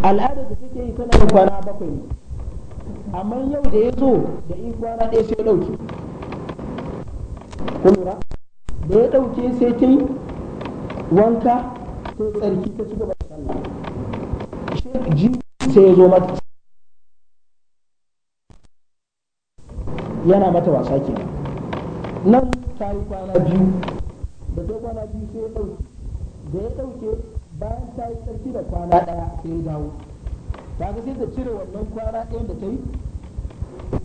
[SPEAKER 2] al'adar da take yi tana da kwana
[SPEAKER 1] bakwai ne amma yau da ya zo da in kwana ɗaya sai ya ɗauke kun lura da ya ɗauke sai ta yi wanka sai tsarki ta ci gaba da sallah ji sai ya zo mata yana mata wasa ke nan ta yi kwana biyu da ta kwana biyu sai ya ɗauke da ya ɗauke bayan ta yi tsarki da kwana ɗaya sai ya dawo ta ga sai ta cire wannan kwana ɗayan da ta yi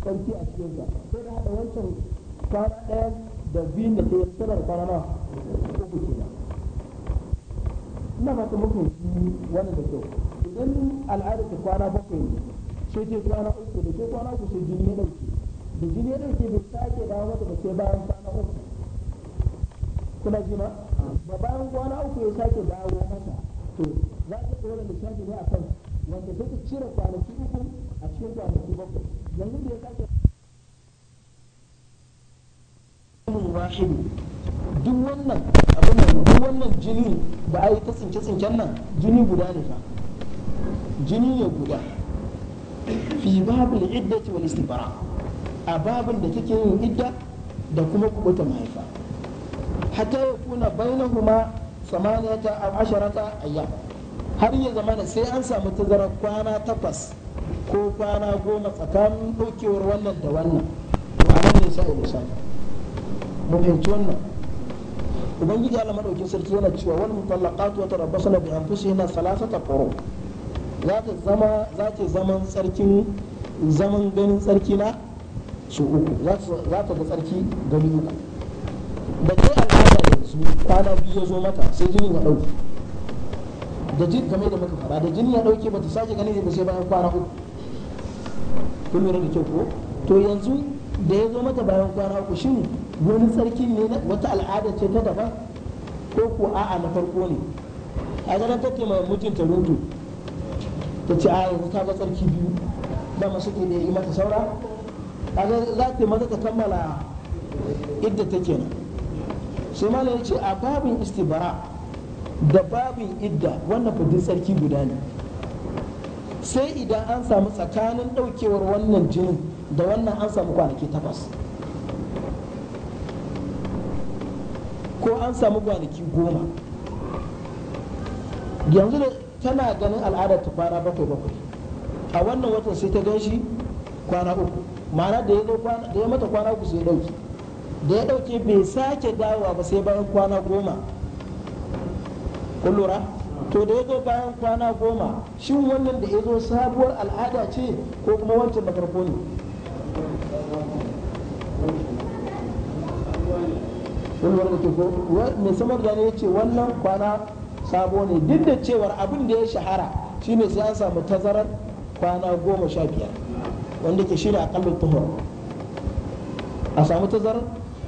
[SPEAKER 1] tsarki a cikin ta sai da haɗa wancan kwana ɗaya da biyun da ta yi tsirar kwana na uku kenan ina fata muku wani da kyau idan al'adar ta kwana bakwai ne sai ce kwana uku da ke kwana uku sai jini ya dauke da jini ya dauke bai sake dawo mata da sai bayan kwana uku kuna ji ma ba bayan kwana uku ya sake dawo mata to za ta ɗora lissafi ne a kan wanda sai ta cire kwanaki uku a cikin kwanaki bakwai yanzu da ya sake duk wannan abin duk wannan jini da ai ta tsince tsincen nan jini guda ne fa jini ne guda fi babul iddati wal istibara a babin da kike yin idda da kuma kubuta mahaifa hatta ya kuna bainahuma samaniyata aw asharata ayyam har ya zama da sai an samu tazarar kwana takwas ko kwana goma tsakanin ɗaukewar wannan da wannan to a nan ne sai da sa'a mu fahimci wannan ubangiji Allah madaukin sarki yana cewa wal mutallaqatu wa tarabbasna bi anfusihinna thalathata quru za ta zama za ta zaman sarkin zaman ganin sarki na su uku za ta ga sarki gani uku da ke al'ada yanzu kwana biyu ya zo mata sai jinin ya dauke da jin kamar da muka fara da jini ya dauke ba ta sake gani ba sai bayan kwana uku kun lura da kyau ko to yanzu da ya zo mata bayan kwana uku shin wani tsarki ne wata al'ada ce ta daban ko ko a'a na farko ne a ganin take mai mutunta rundu ta ce a yanzu ta ga tsarki biyu ba masu ke da yi mata saura a ga za ta maza ta kammala idda ta kenan sai ma ya ce a babin istibara da babin idda wannan fadin tsarki guda ne sai idan an samu tsakanin daukewar wannan jinin da wannan an samu kwanaki takwas ko an samu kwanaki goma yanzu da tana ganin al'adar ta kwana bakwai bakwai a wannan watan sai ta gan shi kwana uku ma'ana da ya mata kwana uku sai ya da ya dauke bai sake dawowa ba sai bayan kwana goma kun lura to da ya zo bayan kwana goma shin wannan da ya zo sabuwar al'ada ce ko kuma wancan na farko ne wani wanda ke ko mai samar da ya ce wannan kwana sabo ne duk da cewar abin da ya shahara shine sai an samu tazarar kwana goma sha biyar wanda ke shine aƙalla tuhur a samu tazarar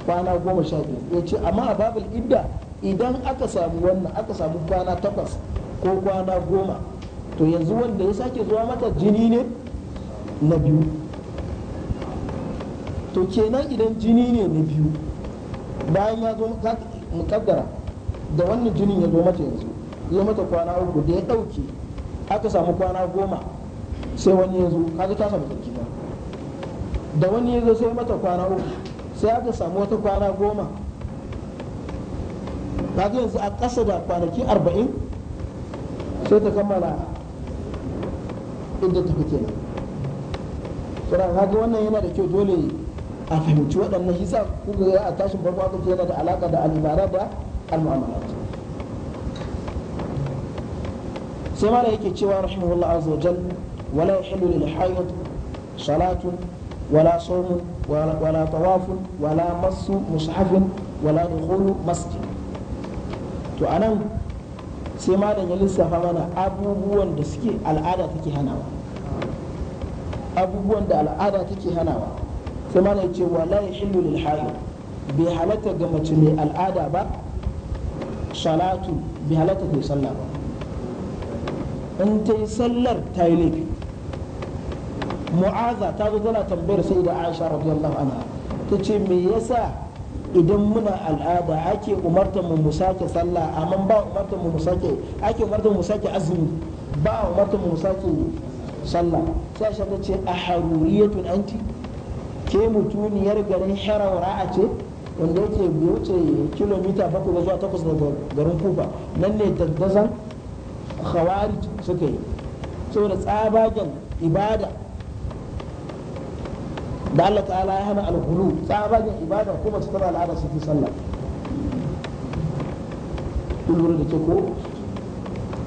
[SPEAKER 1] kwana goma sha biyar ya ce amma a babul idda idan aka samu wannan aka samu kwana takwas ko kwana goma to yanzu wanda ya sake zuwa mata jini ne na biyu to kenan idan jini ne na biyu bayan ya zo mukaddara da wannan jinin ya zo mata yanzu ya mata kwana uku da ya dauke aka samu kwana goma sai wani ya zo kaga ta samu sarki ba da wani ya zo sai mata kwana uku sai aka samu wata kwana goma kaga yanzu a ƙasa da kwanaki arba'in sai ta kammala inda ta fi kenan. kaga wannan yana da kyau dole a fahimci waɗannan hisa kuka ya a tashin farko aka ce yana da alaka da al'ibara da al'amalar sai mana yake cewa rahimahullah azza wajal wala yahillu lil hayd salatun wala sawmun wala tawafun wala masu mushafin wala dukhulu masjid to anan sai malam ya lissafa mana abubuwan da suke al'ada take hanawa abubuwan da al'ada take hanawa sai mana wa ya yahillu lil hayd bai halatta ga mace mai al'ada ba salatu bai halatta ta sallah ba in ta yi sallar ta yi laifi mu'aza ta zo tana tambayar sai da aisha radiyallahu anha ta ce me yasa idan muna al'ada ake umartar mu mu sake sallah amma ba umartar mu mu sake ake umartar mu sake azumi ba umartar mu mu sake sallah sai aisha ta ce a haruriyatun anti ke mutuniyar garin herawa a ce wanda yake wuce kilomita bakwai da zuwa takwas daga garin kufa nan ne daddazan hawari suka yi saboda tsabagen ibada da Allah ta'ala ya hana alhulu tsabagen ibada kuma su tara al'ada su fi sallah lura da ke ko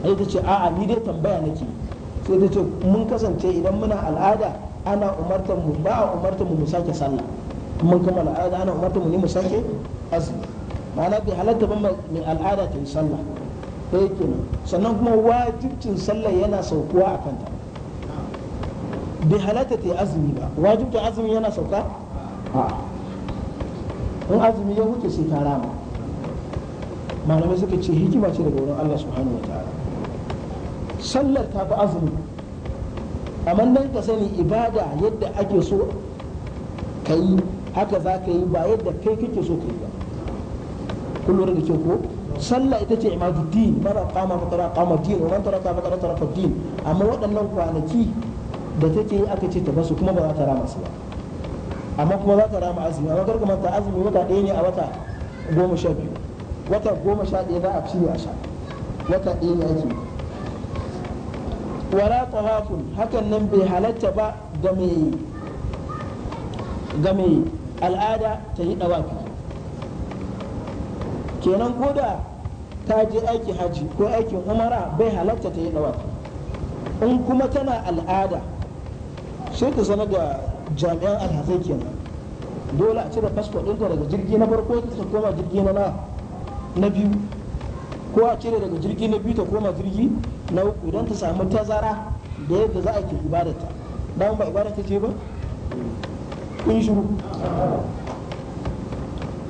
[SPEAKER 1] ai ta ce a'a ni dai tambaya nake sai ta ce mun kasance idan muna al'ada ana umartar mu ba a umartar mu mu sake sallah mun kammala al'ada ana umartar mu ne mu sake azumi ma'ana bai halatta ban mai al'ada ta yi sallah ɗaya kenan sannan kuma wajibcin sallah yana saukuwa a kanta bai halatta ta yi azumi ba wajibcin azumi yana sauka in azumi ya wuce sai ta rama malamai suka ce hikima ce daga wurin Allah subhanahu wa ta'ala sallar ta fi azumi amma dan ka sani ibada yadda ake so ka yi haka za ka yi ba yadda kai kake so ka yi ba kun lura da ke ko sallah ita ce imaduddin mara kama fakara kama din wa man taraka fakara taraka din amma waɗannan kwanaki da take yi aka ce ta basu kuma ba za ta rama su ba amma kuma za ta rama azumi amma kar manta azumi wata ɗaya ne a wata goma sha biyu wata goma sha ɗaya za a ci a sha wata ɗaya ne ake wala tawafun hakan nan bai halatta ba ga mai al'ada ta yi dawafi kenan ko da ta je aiki haji ko aikin umara bai halatta ta yi dawafi in kuma tana al'ada sai ta sanar da jami'an alhazai kenan dole a cire fasfo ɗinta daga jirgi na farko ta koma jirgi na na biyu ko a cire daga jirgi na biyu ta koma jirgi na uku don ta samu tazara da yadda za a ke ibadata don ba ibadata ce ba kun shiru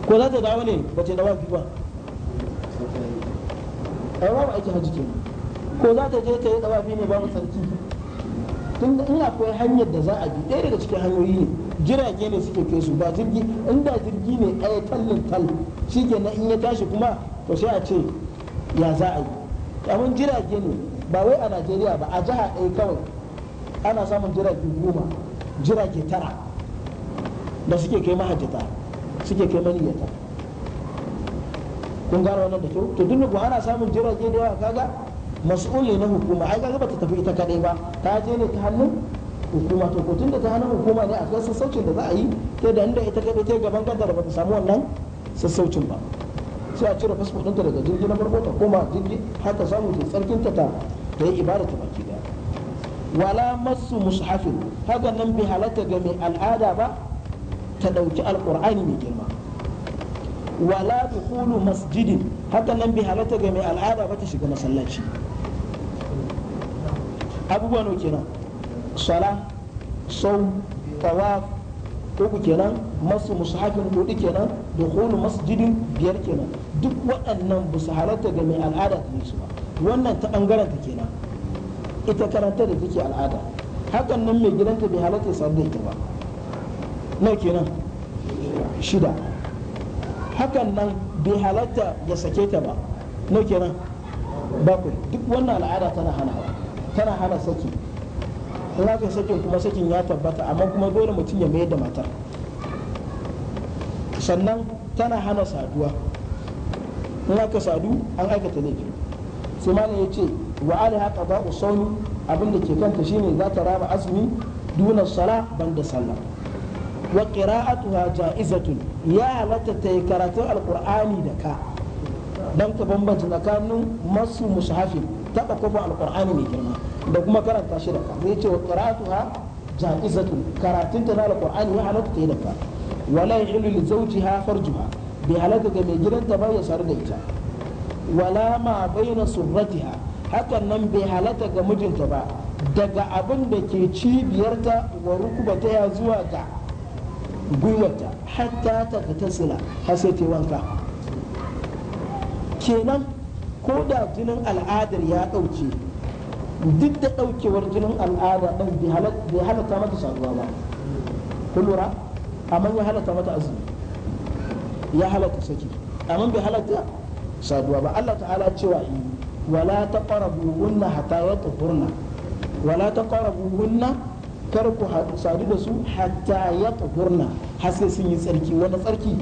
[SPEAKER 1] ko za ta dawo ne ba ce dawa ba a yi ba aiki hajji ke ko za ta je ta yi dawa ne ba sarki tun da ina akwai hanyar da za a bi ɗaya daga cikin hanyoyi ne jirage ne suke kai su ba jirgi inda jirgi ne ɗaya tallin tal shi ke in ya tashi kuma to sai a ce ya za a yi kamun jirage ne ba wai a najeriya ba a jiha ɗaya kawai ana samun jirage goma jirage tara da suke kai mahajjata suke kai maniyyata kun gano wannan da kyau to duk ana samun jirage da yawa kaga mas'uli na hukuma ai kaga bata tafi ita kadai ba ta je ne ta hannun hukuma to ko tunda ta hannun hukuma ne a kai sassaucin da za a yi ta da inda ita kadai ta gaban kadar bata samu wannan sassaucin ba sai a cire fasfo ɗinta daga jirgi na farko ta koma jirgi har ta samu ta tsarkin ta ta yi ibada ta baki daya wala masu mushafin haka nan bai halatta ga mai al'ada ba ta ɗauki alƙur'ani mai girma wala hulu masjidin haka nan bai halatta ga mai al'ada ba ta shiga masallaci abubuwa ne kenan sala sau tawaf uku kenan masu mushafin hudu kenan da hulu masjidin biyar kenan duk waɗannan ba su halatta ga mai al'ada ta yi su ba wannan ta ɓangaren ta kenan ita karanta da take al'ada hakan nan mai gidanta bai halatta sa da ita ba nau kenan shida hakan nan bai halatta ya sake ta ba nau kenan bakwai duk wannan al'ada tana hana tana hana saki in haka sakin kuma sakin ya tabbata amma kuma dole mutum ya mayar da matar sannan tana hana saduwa in aka sadu an aikata laifi sai malam ya ce wa haka ba u abin da ke kanta shine za ta raba azumi duna sala banda sallah wa qira'atuha ja'izatun ya halatta ta karatu alqur'ani da ka dan ka bambanta tsakanin masu mushafi taba kofa alqur'ani mai girma da kuma karanta shi da ka zai ce wa qira'atuha ja'izatun karatun ta na alqur'ani ya halatta ta yi da ka wala yahillu li zawjiha farjuha bai halatta ga mai gidanta ba ya sadu da ita wala ma baina surratiha hakan nan bai halatta ga mijinta ba daga abin da ke cibiyarta wa rukubata ya zuwa ga gwiwarta hatta ta tasila har sai ta wanka kenan ko da jinin al'adar ya ɗauke duk da ɗaukewar jinin al'ada ɗin bai halatta mata saduwa ba kullura amma ya halatta mata azumi ya halatta saki amma bai halatta saduwa ba Allah ta'ala cewa wala ta taqrabuhunna hatta yatahurna wala ta taqrabuhunna kar ku sadu da su hatta yatahurna har sai sun yi tsarki wani tsarki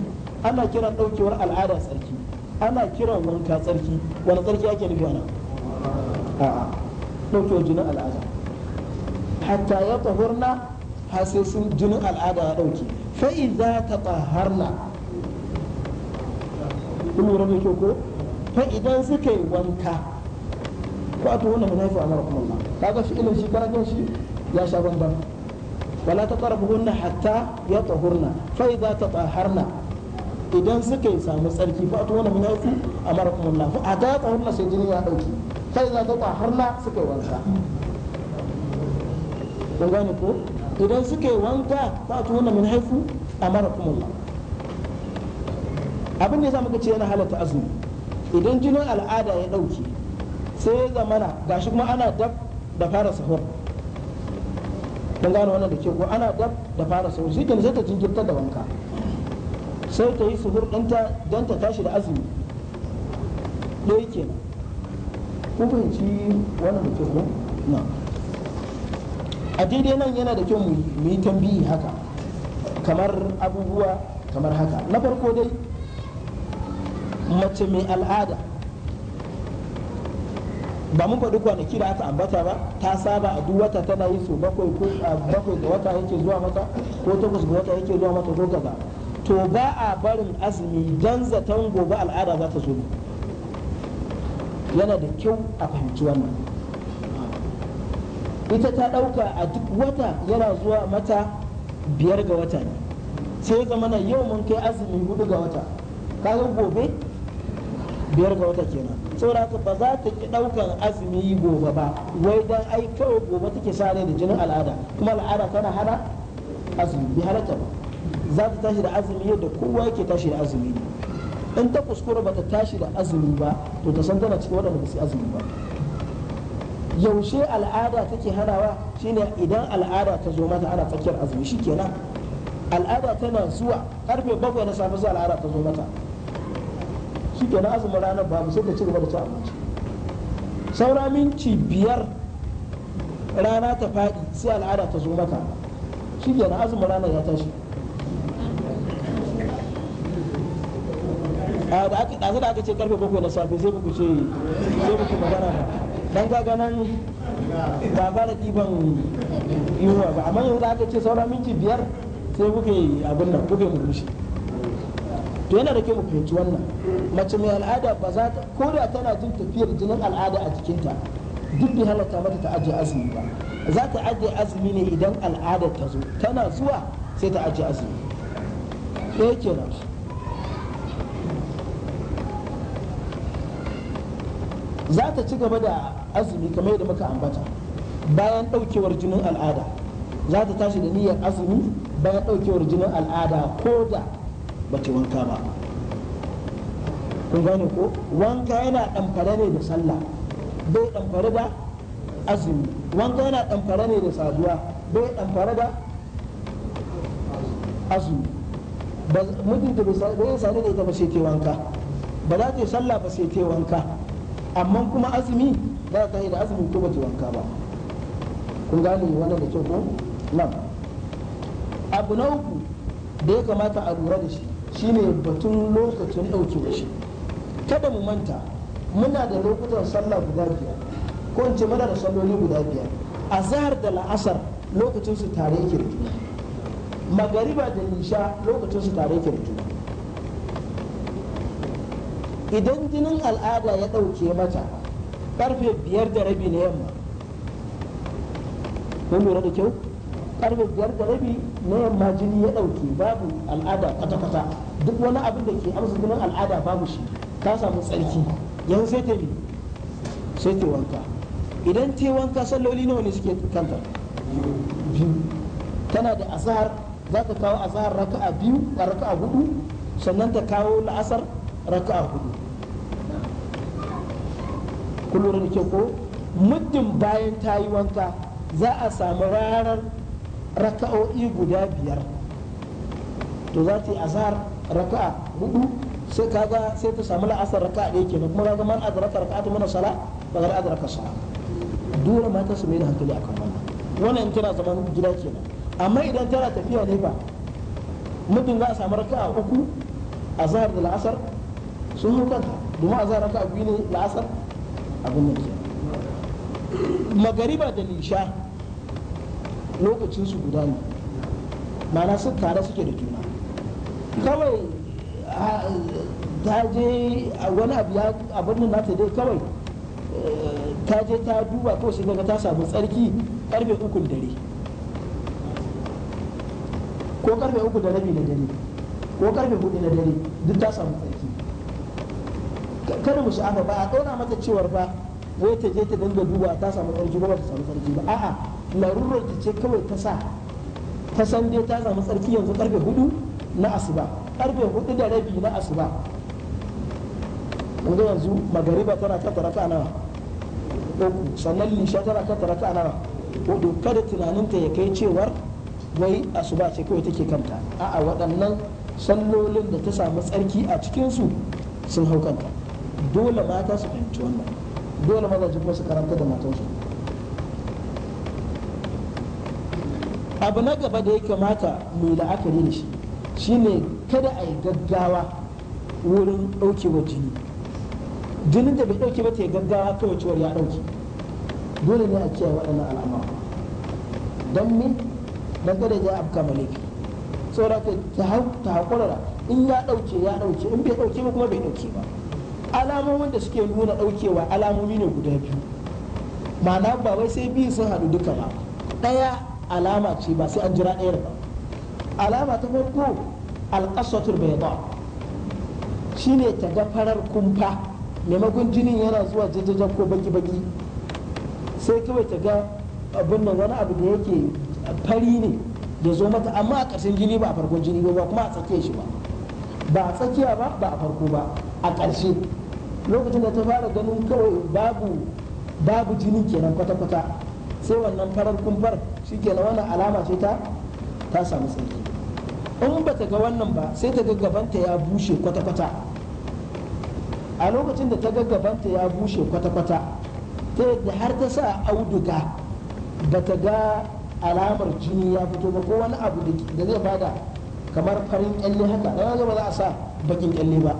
[SPEAKER 1] ana kiran daukewar al'ada tsarki ana kiran wanka tsarki wani tsarki ake nufi ana a'a daukewar jinin al'ada hatta yatahurna har sai sun jinin al'ada ya dauke fa'iza ta ƙaharna. kun lura da ko fa idan suka yi wanka ko a to wannan mun haifa amara kuma Allah kaga fi'ilin shi kana kan shi ya sha bamban wala taqrabuhunna hatta yatahurna fa idza tatahharna idan suka yi samu tsarki fa a to wannan mun haifa amara kuma Allah fa ada tahurna sai jini ya dauki fa idan idza tatahharna suka yi wanka kun gane ko idan suka yi wanka fa a to wannan mun haifa amara kuma Allah abin da ya muka ce yana halatta azumi idan jinin al'ada ya ɗauke sai ya zamana gashi kuma ana dab da fara sahur don gane wannan da ke ko ana dab da fara sahur shi kenan sai ta jinkirtar da wanka sai ta yi suhur don ta tashi da azumi da kenan ko fahimci wannan da ke ko na a daidai nan yana da kyau mu yi tambiyi haka kamar abubuwa kamar haka na farko dai mace mai al'ada ba mun faɗi kwanaki da aka ambata ba ta saba a duk wata tana yi so bakwai ko bakwai ga wata yake zuwa mata ko takwas ga wata yake zuwa mata ko kaza to ba a barin azumi dan zaton gobe al'ada za ta zo yana da kyau a fahimci wannan ita ta ɗauka a duk wata yana zuwa mata biyar ga wata ne sai zamana yau mun kai azumi hudu ga wata kaga gobe biyar ga wata kenan saboda haka ba za ta ki daukan azumi gobe ba wai dan ai kawai gobe take sare da jinin al'ada kuma al'ada tana hana azumi bi halatta ba za ta tashi da azumi yadda kowa yake tashi da azumi ne in ta kuskura ba ta tashi da azumi ba to ta san tana cikin wadanda ba su azumi ba yaushe al'ada take hanawa shine idan al'ada ta zo mata ana tsakiyar azumi shikenan al'ada tana zuwa karfe bakwai na safe za al'ada ta zo mata shi ke na azumin ranar mu sai ka ci gaba da ci abinci saura minci biyar rana ta faɗi sai al'ada ta zo maka shi ke na azumin ranar ya tashi a da aka ɗazu da aka ce karfe bakwai na safe sai muku ce sai muku magana ba dan ga ganan ba ba da ɗiban yiwuwa ba amma yanzu da aka ce saura minci biyar sai kuka abin nan kuka yi murmushi to yana da kyau mu fahimci wannan mace mai al'ada ba za ta ko da tana jin tafiyar jinin al'ada a jikinta duk bai halatta mata ta ajiye azumi ba za ta ajiye azumi ne idan al'ada ta zo tana zuwa sai ta ajiye azumi nan za ta ci gaba da azumi kamar yadda muka ambata bayan ɗaukewar jinin al'ada za ta tashi da niyyar azumi bayan ɗaukewar jinin al'ada ko da ba wanka ba kun gane ko wanka yana ɗamfare ne da sallah bai ɗamfare da azumi wanka yana ɗamfare ne da saduwa bai ɗamfare da azumi mutunta bai sani da ita ba sai ke wanka ba za ta yi sallah ba sai ta wanka amma kuma azumi za ta yi da azumi ko ba ta wanka ba kun gane wannan da kyau ko nan abu na uku da ya kamata a lura da shi shine batun lokacin ɗaukewa shi kada mu manta muna da lokutan sallah guda biyar ko in ce muna da salloli guda biyar a zahar da la'asar lokacin su tare yake da juna magariba da nisha lokacin su tare yake da juna idan jinin al'ada ya ɗauke mata karfe biyar da rabi na yamma kun lura da kyau karfe biyar da rabi na yamma jini ya ɗauke babu al'ada kwata-kwata duk wani abin da ke amsa jinin al'ada babu shi ta samu tsarki yanzu sai ta bi sai ta wanka idan ta wanka salloli nawa ne suke kanta biyu tana da azahar za ta kawo azahar raka'a biyu a a hudu sannan ta kawo la'asar raka'a hudu kullum da ke ko muddin bayan ta yi wanka za a samu ranar raka'o'i guda biyar to za ta yi azahar raka'a hudu sai kaga sai ta samu la'asar raka'a ɗaya kenan kuma kaga man adraka raka'atu min as-salah fa qad adraka as-salah dole mata su mai da hankali akan wannan wannan in tana zaman gida kenan amma idan tana tafiya ne ba mutum za a samu raka'a uku a zahar da la'asar sun hau kanta domin a zahar raka'a biyu ne la'asar abin da ke magariba da lisha lokacin su guda ne ma'ana sun tare suke da juna kawai ta je wani abu ya abin nan ta dai kawai eh, ta je ta duba kawai shi kaga ta samu tsarki karfe ukun dare ko karfe uku da rabi na dare ko karfe hudu na dare duk ta samu tsarki kada mu sha'afa ba a ɗora mata cewar ba wai ta je ta dinga duba ta samu tsarki ko ba ta samu tsarki ba a'a larurar ta ce kawai ta sa ta san dai ta samu tsarki yanzu karfe hudu na asuba karfe hudu da rabi na asuba wanda yanzu magariba tana ta raka nawa uku sannan lisha tana ta raka nawa wato kada tunaninta ya kai cewar wai asuba ce kawai take kanta a'a waɗannan sallolin da ta samu tsarki a cikinsu sun hau kanta dole mata su fahimci wannan dole mazaje kuma su karanta da matansu abu na gaba da ya kamata mu da la'akari da shi shine kada a yi gaggawa wurin ɗaukewa jini jinin da bai ɗauke ba ta yi gaggawa kawai ciwar ya ɗauke dole ne a kiyaye waɗannan al'amura don min don kada ya afka maliki saboda ta haƙurara in ya ɗauke ya ɗauke in bai ɗauke ba kuma bai ɗauke ba alamomin da suke nuna ɗaukewa alamomi ne guda biyu ma'ana ba wai sai biyu sun haɗu duka ba ɗaya alama ce ba sai an jira ɗaya ba alama ta farko alƙasatul bai shine ta ga farar kumfa maimakon jinin yana zuwa jajajen ko baki-baki sai kawai ta ga abin nan wani abu da yake fari ne da zo mata amma a ƙarshen jini ba a farkon jini ba kuma a tsakiya shi ba ba a tsakiya ba ba a farko ba a ƙarshe lokacin da ta fara ganin kawai babu babu jini kenan kwata-kwata sai wannan farar kumfar shi kenan wannan alama ce ta ta samu tsaki in ba ta ga wannan ba sai ta gaggabanta ya bushe kwata-kwata a lokacin da ta gaggabanta ya bushe kwata-kwata ta yadda har ta sa auduga ba ta ga alamar jini ya fito ba ko wani abu da zai bada kamar farin kyalle haka don ba za a sa bakin kyalle ba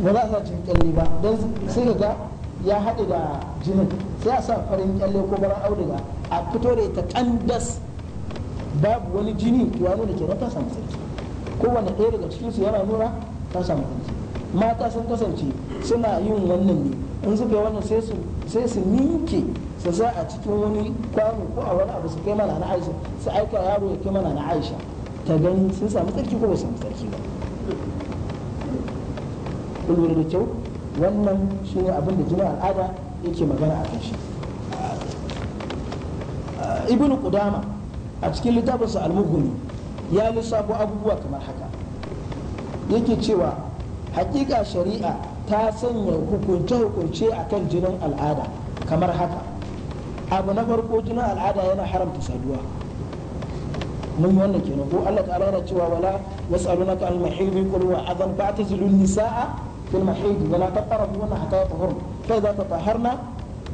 [SPEAKER 1] ba za a sa cikin kyalle ba don sai ga ya haɗe da jinin sai a sa farin kyalle ko baran auduga a fito da ita kandas babu wani jini ya nuna kenan ta samu sarki kowane ɗaya daga cikinsu yana nuna ta samu sarki mata sun kasance suna yin wannan ne in suka yi wannan sai su ninke su za a cikin wani kwano ko a wani abu su kai mana na aisha su aika yaro ya kai mana na aisha ta gani sun samu tsarki ko ba samu tsarki ba kun da kyau wannan shi ne abin da jinin al'ada yake magana a kan shi ibn qudama a cikin littafinsa al-mughni ya lissafo abubuwa kamar haka yake cewa hakika shari'a ta sanya hukunce-hukunce kan jinin al'ada kamar haka abu na farko jinin al'ada yana haramta saduwa mun wannan kenan ko Allah ta'ala yana cewa wala yas'alunaka al mahidi qul huwa adhan fa'tazilu nisaa fil mahid wa la taqrabuhunna hatta yatahurna fa idza tataharna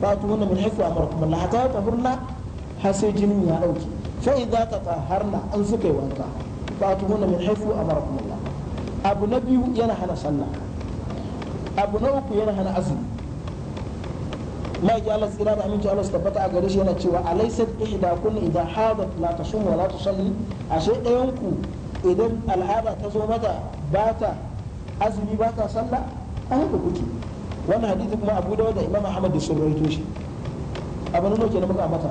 [SPEAKER 1] ba'tuhunna min haythu amarakum Allah hatta yatahurna har sai jinin ya dauke fa idza tatahharna an suka yi wanka fa tuhuna min haythu amarakum Allah abu na biyu yana hana sallah abu na uku yana hana azumi maki Allah tsira da aminci Allah su tabbata a gare shi yana cewa a alaysat idan idza na la tasum wa la salli ashe ɗayan ku idan al'ada ta zo mata ba ta azumi ba ta sallah a haka kuke wannan hadisi kuma Abu Dawud da Imam Ahmad da sun rawaito shi abu na nawa kenan muka ambata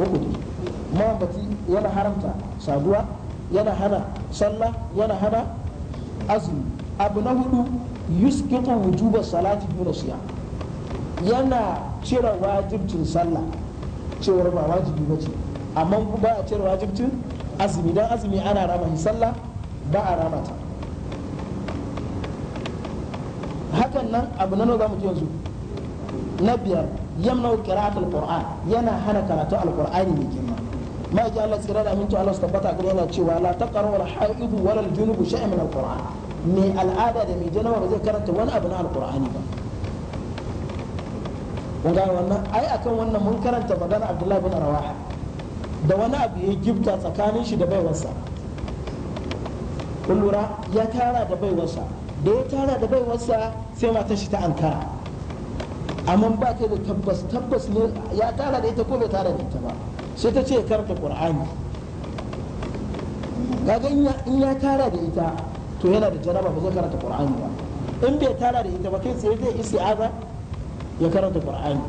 [SPEAKER 1] uku mawambaci yana haramta saduwa yana hana sallah yana hana azumi abu na hudu yusqitu wujuba salati duna siya yana cire wajibcin sallah cewar ba wajibi ba ce amma ba a cire wajibcin azumi don azumi ana rama sallah ba a rama ta hakan nan abu na za mu yanzu na biyar yamnau qira'atul qur'an yana hana karatu alqur'ani mai girma ma ji Allah tsira da amintu Allah tabbata gare yana cewa la taqra wal haid wal junub shay'an min alqur'an ne al'ada da mai janaba ba zai karanta wani abu na alqur'ani ba kun ga wannan ai akan wannan mun karanta magana Abdullahi bin Rawaha da wani abu ya gifta tsakanin shi da baiwarsa kun lura ya tara da baiwarsa da ya tara da baiwarsa sai matar shi ta ankara amma ba ka da tabbas tabbas ne ya tara da ita ko bai tara da ita ba sai ta ce karanta qur'ani kaga in ya tara da ita to yana da jaraba ba zai karanta qur'ani ba in bai tara da ita ba kai sai zai isti'aza ya karanta qur'ani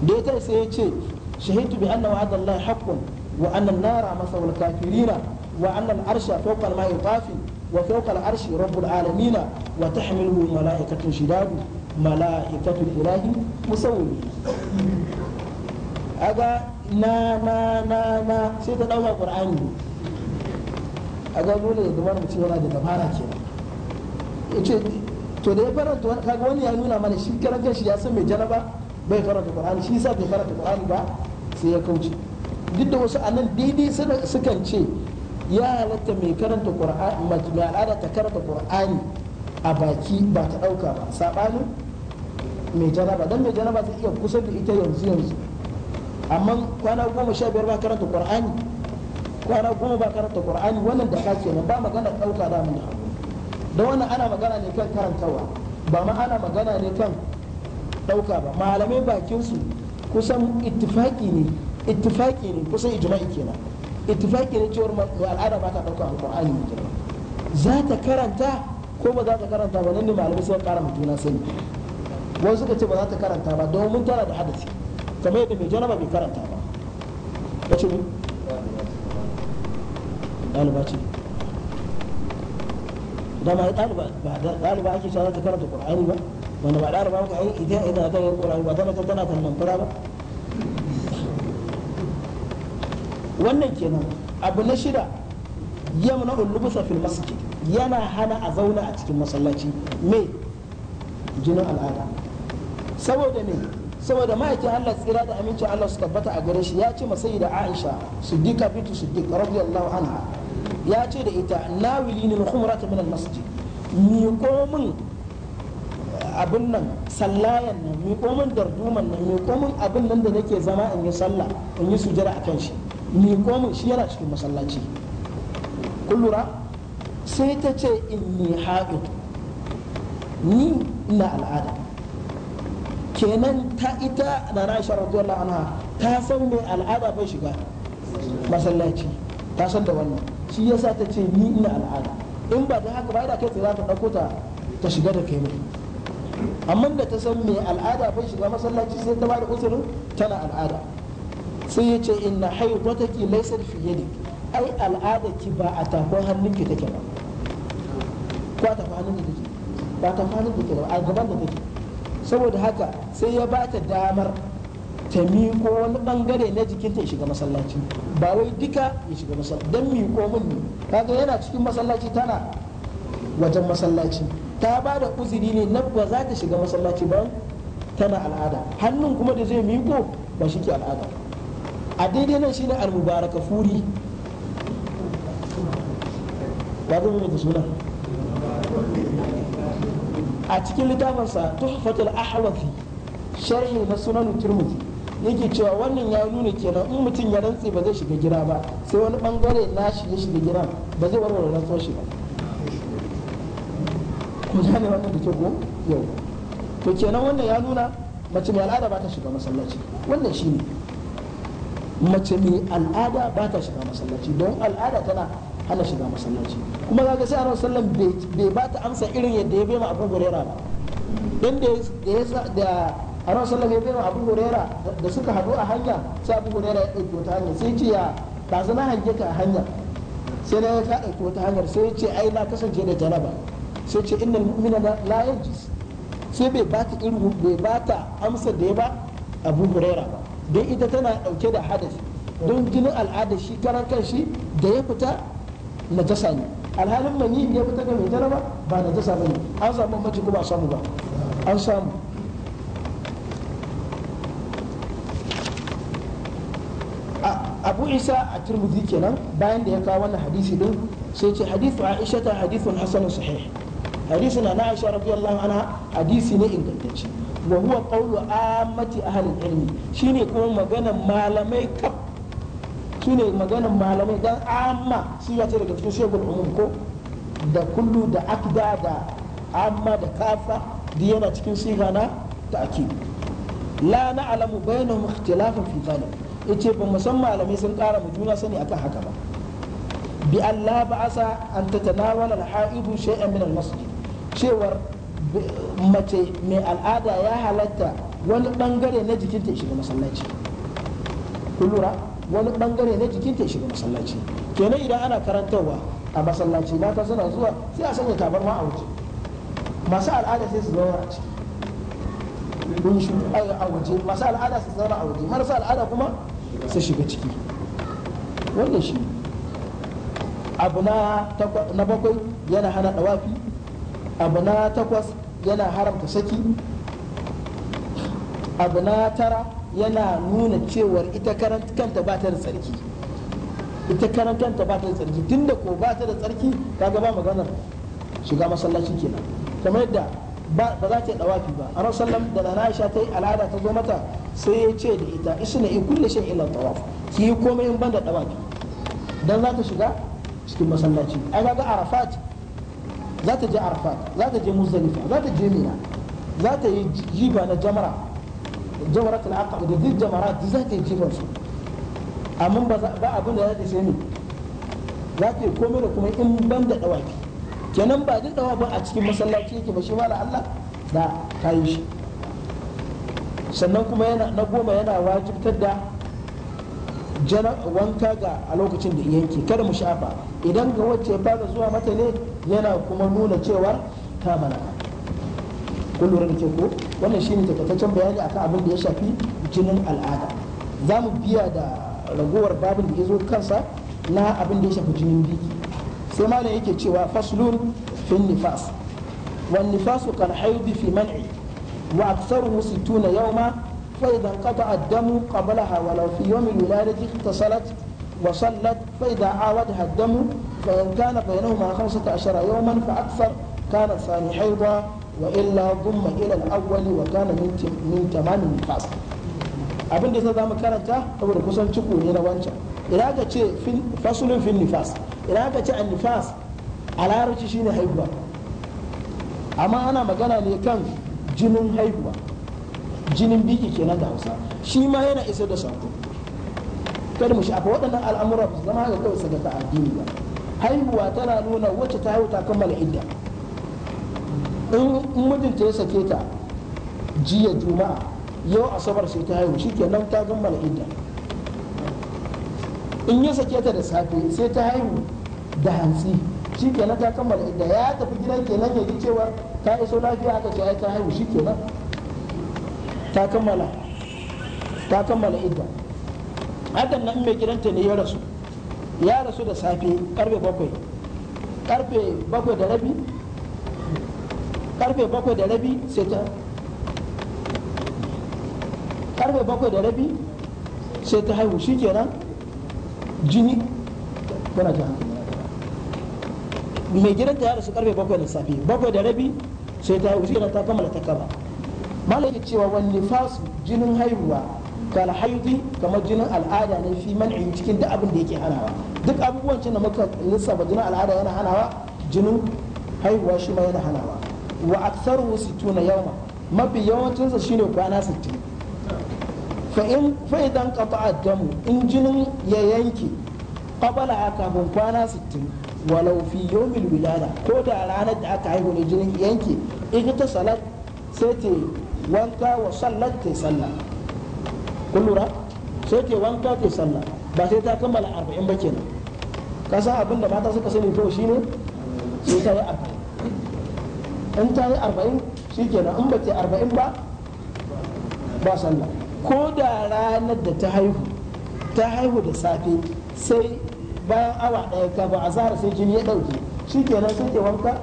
[SPEAKER 1] da ita sai ya ce shahidu bi anna wa'ada Allah haqqun wa anna an-nara masawul kafirina wa anna al-arsha fawqa al-ma'i tafi wa fawqa al-arshi rabbul alamin wa tahmiluhu malaikatu shidadu mala'ikatu ilahi musawwimi aga na na na na sai ta dauka qur'ani aga dole da dabar mutum yana da dabara kenan yace to da ya faranta wani kaga wani ya nuna mana shi karanta shi ya san mai jalaba bai faranta qur'ani shi yasa bai faranta qur'ani ba sai ya kauce duk da wasu anan daidai sukan ce ya halatta mai karanta qur'ani mai al'ada ta karanta qur'ani a baki ba ta dauka ba sabanin mai janaba dan mai janaba zai iya kusa da ita yanzu yanzu amma kwana goma sha biyar ba karanta qur'ani kwana goma ba karanta qur'ani wannan da ka nan ba magana dauka da mun da wannan ana magana ne kan karantawa ba ma ana magana ne kan dauka ba malamai bakin su kusan ittifaki ne ittifaki ne kusan ijma'i kenan ittifaki ne cewar al'ada ba ta dauka alqur'ani ne za ta karanta ko ba za ta karanta ba nan ne malamai sai kara mutuna sai wasu suka ce ba za ta karanta ba domin tana da hadisi kamar yadda mai janaba bai karanta ba ce ne ɗaliba ce da ma ɗaliba ba ɗaliba ake cewa za ta karanta ƙur'ani ba wanda ba ɗaliba ka yi idan idan ta yi ƙur'ani ba tana tana kallon fura ba wannan kenan abu na shida yamna ulubusa fil masjid yana hana a zauna a cikin masallaci me jinin al'ada saboda ne saboda ma'aikin Allah tsira da aminci Allah su tabbata a gare shi ya ce masai da Aisha siddiqa bintu siddiq radiyallahu anha ya ce da ita wili ne khumrata min al-masjid miƙo komin eh, abin nan sallayan nan miƙo min darduman nan mi komin abin nan da nake zama in yi sallah in yi sujjara akan shi miƙo komin shi yana cikin masallaci kullura sai ta ce inni haɗu ni ina al'ada kenan ta ita na Aisha radiyallahu anha ta san me al'ada bai shiga masallaci ta san da wannan shi yasa ta ce ni ina al'ada in ba ta haka ba da kai za ta dauko ta ta shiga da kai amma da ta san me al'ada bai shiga masallaci sai ta bada uzurin tana al'ada sai ya ce inna haidataki laysat fi yadik ai al'ada ki ba a tafin hannunki take ba ko a tafin hannunki take ba tafin hannunki take ba a gaban da take saboda haka sai ya ba ta damar ta miko wani bangare na jikinta ya shiga masallaci ba wai duka ya shiga masallaci don miko min ne kaga yana cikin masallaci tana wajen masallaci ta ba da uzuri ne na ba za ta shiga masallaci ba tana al'ada hannun kuma da zai miko ba shi ke al'ada a daidai nan shine al-mubaraka furi ba zai mai suna a cikin littafinsa tuhfatul ahwafi sharhi na sunan turmuzi yake cewa wannan ya nuna kenan in mutum ya rantse ba zai shiga gida ba sai wani bangare na shi ya shiga gida ba zai warware rantsuwar shi ba ku gane wannan da ke ko yau to kenan wannan ya nuna mace mai al'ada ba ta shiga masallaci wannan shi ne mace mai al'ada ba ta shiga masallaci don al'ada tana hana shiga masallaci kuma ka sai annabi sallam bai ba ta amsa irin yadda ya bai ma abu huraira ba dan da ya sa da annabi sallam ya bai ma abu huraira da suka hadu a hanya sai abu huraira ya dauki wata hanya sai ce ya ba zana hange ka a hanya sai na ka dauki wata hanyar sai ya ce ai na kasance da jaraba sai ce innal mu'mina la yajis sai bai ba ta irin bai ba ta amsa da ya ba abu huraira ba don ita tana dauke da hadasi don jinin al'ada shi karan kan shi da ya fita najasa ne alhalin mani ya fita ga mai jaraba ba najasa ne an samu mace ko ba samu ba an samu abu isa a turmuzi kenan bayan da ya kawo wannan hadisi din sai ce hadisu a isa ta hadithun hasanun sahih hadisu na aisha radiyallahu ana hadisi ne ingantacce wa huwa qawlu ammati ahli ilmi shine kuma maganan malamai kaf shine maganin malamai dan amma shi ya ce daga cikin shekul umum ko da kullu da akda da amma da kafa da yana cikin siga na ta'kid la na'lamu bainahum ikhtilafan fi dhalik ce ba musamman malamai sun kara mu juna sani akan haka ba bi Allah ba'asa an tatanawala al-ha'idu shay'an min al cewar mace mai al'ada ya halatta wani bangare na jikinta ya shiga masallaci kullura wani bangare na jikinta ya shiga masallaci kenan idan ana karantarwa a masallaci mata suna zuwa sai a sanya ma a waje masu al'ada sai su zauna a ciki kun shi a waje masu al'ada su zauna a waje marasa al'ada kuma su shiga ciki wannan shi abu na bakwai yana hana dawafi abu na takwas yana haramta saki abu na tara yana nuna cewar ita kanta ba ta da tsarki ita karan kanta ba ta da tsarki tunda ko ba ta da tsarki kaga ba maganar shiga masallaci kenan kamar yadda ba za ta yi dawafi ba a sallam da na aisha ta yi al'ada ta zo mata sai ya ce da ita na in kulle shan illa tawaf ki yi komai in banda dawafi dan za ta shiga cikin masallaci ai ga arafat za ta je arafat za ta je muzdalifa za ta je mina za ta yi jiba na jamara jamaratul aqaba da duk jamara da za ta yi su amma ba abin da za ta sai ne za ta yi komai da kuma in ban da dawaki kenan ba duk dawa ba a cikin masallaci yake ba shi ma Allah da ta yi shi sannan kuma yana na goma yana wajibtar da jana wanka ga a lokacin da yanke kada mu shafa idan ga wacce ya fara zuwa mata ne yana kuma nuna cewa ta mana kun lura da ke ko wannan shine takaitaccen bayani akan abin da ya shafi jinin al'ada za mu biya da ragowar babin da ya zo kansa na abin da ya shafi jinin biki sai malam yake cewa faslun fin nifas wan nifasu kan haidi fi man'i wa aktsaruhu 60 yawma فإذا انقطع الدم قبلها ولو في يوم الولادة اغتسلت وصلت فإذا عاودها الدم فإن كان بينهما خمسة yawman fa فأكثر كان الثاني حيضا وإلا ضم إلى الأول وكان من من تمام النفاس abin da za mu karanta saboda kusan ciko ne na wancan idan aka ce fasulun fil nifas idan aka ce annifas a shine haihuwa amma ana magana ne kan jinin haihuwa jinin biki kenan da hausa shi yana isa da sako kada mu shafa waɗannan al'amura ba zama haka kawai sadaka addini ba haihuwa tana nuna wacce ta haihu ta kammala idda in mijinta ya sake ta jiya juma'a yau asabar sai ta haihu shi kenan ta gammala idda in ya sake ta da safe sai ta haihu da hantsi shi kenan ta kammala idda ya tafi gida kenan ya ji cewa ta iso lafiya aka ce ai ta haihu shi kenan ta kammala ta kammala idda hakan nan mai gidanta ne ya rasu ya rasu da safe karfe bakwai karfe bakwai da rabi karfe bakwai da rabi sai ta karfe bakwai da rabi sai ta haihu shi kenan jini tana ta mai gidan ta yada su karfe bakwai da safi bakwai da rabi sai ta haihu shi kenan ta kammala ta kaba malaka cewa wani fasu jinin haihuwa kala haidi kamar jinin al'ada ne fi man'i cikin duk abin da yake hanawa duk abubuwan da muka lissafa jinin al'ada yana hanawa jinin haihuwa shi ma yana hanawa wa aktsaruhu 60 yawma mafi yawancinsa shine kwana 60 fa in fa idan qata'a damu in jinin ya yanke qabala kafin kwana 60 walau fi yawmil wilada ko da ranar da aka haihu ne jinin yanke in ta salat sai ta wanka wa sallar ta salla. kun lura sai ta wanka ta salla ba sai ta kammala arba'in ba kenan ka san abin da mata suka sani to shine sai ta yi arba'in in ta yi arba'in shi kenan in ba ta arba'in ba ba sallah ko da ranar da ta haihu ta haihu da safe sai bayan awa ɗaya ka ba a zahar sai jini ya ɗauke shi kenan sai ke wanka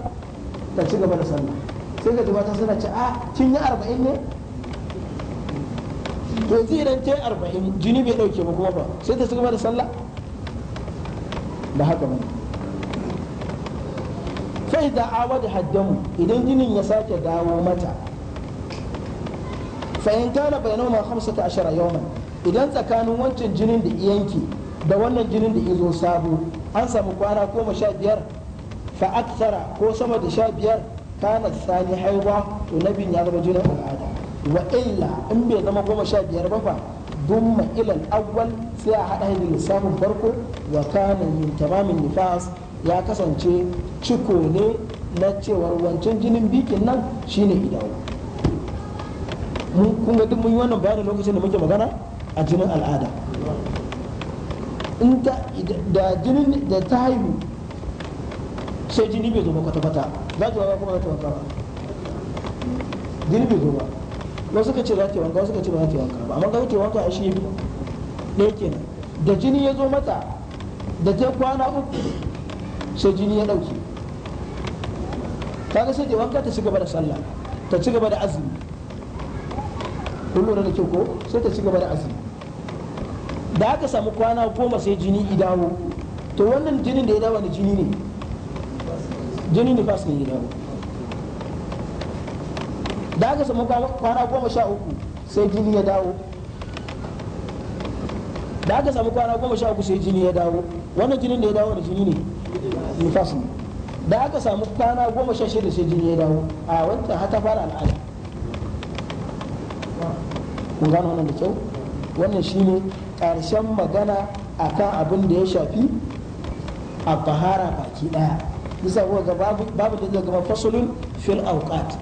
[SPEAKER 1] ta ci gaba da sallah sai ka ji mata suna ce a ah, kin yi arba'in ne to yanzu idan ta yi arba'in jini bai ɗauke ba kuma ba sai ta ci gaba da sallah ba haka ba ne. fai da awa da haddamu idan jinin ya sake dawo mata fa'in kana bai ma hamsa ta ashara yawman idan tsakanin wancan jinin da yanki da wannan jinin da izo sabo an samu kwana goma sha biyar fa aksara ko sama da sha biyar kana sani haihuwa to bin ya zama jinin al'ada wa illa in bai zama goma sha biyar ba fa dumma ilal awwal sai a haɗa da samun farko wa kana yin tamamin nifas ya kasance ciko ne na cewar wancan jinin bikin nan shine idawo kun ga duk mun yi wannan bayanin lokacin da muke magana a jinin al'ada da jinin da ta haihu sai jini bai zo ba kwata kwata za ta wanka kuma za ta wanka ba jini bai zo ba wasu ka ce za ta wanka wasu ka ce ba za ta wanka ba amma ga ta wanka a shi ne kenan da jini ya zo mata da ta kwana uku sai jini ya ɗauke kaga sai ta wanka ta ci gaba da sallah ta ci gaba da azumi kun lura da kyau ko sai ta ci gaba da azumi da aka samu kwana goma sai jini idawo to wannan jinin da ya dawo da jini ne jini ne fas ne ya dawo da aka samu kwana goma sha uku sai jini ya dawo da aka samu kwana goma sha uku sai jini ya dawo wannan jinin da ya dawo da jini ne nifas da aka samu kwana goma sha shida sai jini ya dawo a wata har fara al'ada kun gano wannan da kyau wannan shine karshen magana a kan abin da ya shafi a bahara baki daya bisa kuwa ga babu da gaba fasulun fil auqat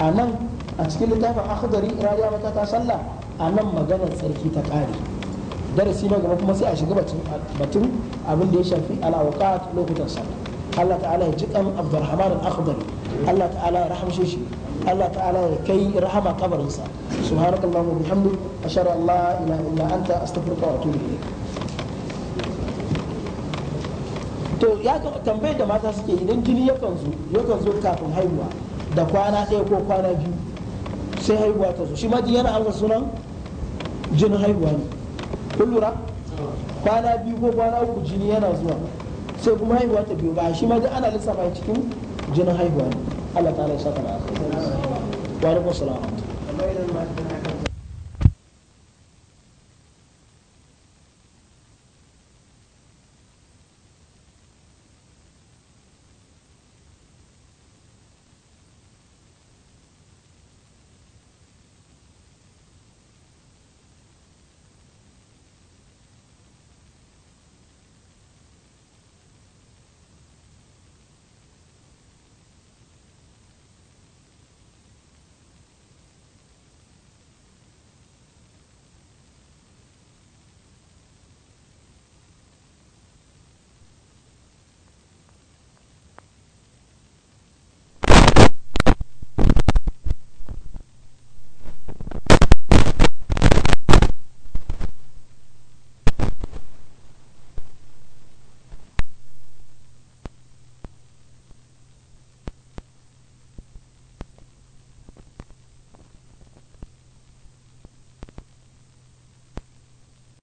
[SPEAKER 1] a nan a cikin littafin akhdari rariya mata ta sallah a nan maganar tsarki ta ƙare. darasi na gaba kuma sai a shiga batun abin da ya shafi al'awqat lokutan sa Allah ta'ala ya jikan Abdurrahman al-Akhdari Allah ta'ala ya rahamshe shi Allah ta'ala ya kai rahama kabarinsa subhanakallahumma bihamdik ashhadu an la ilaha illa anta astaghfiruka wa atubu ilayk to ya tambaye da mata suke idan jini yakan zo yakan zo kafin haihuwa da kwana ɗaya ko kwana biyu sai haihuwa ta zo shi ma yana amsa sunan jinin haihuwa ne kun lura kwana biyu ko kwana uku jini yana zuwa sai kuma haihuwa ta biyu ba shi ma duk ana lissafa cikin jinin haihuwa ne Allah ta'ala ya saka na wa alaikum salam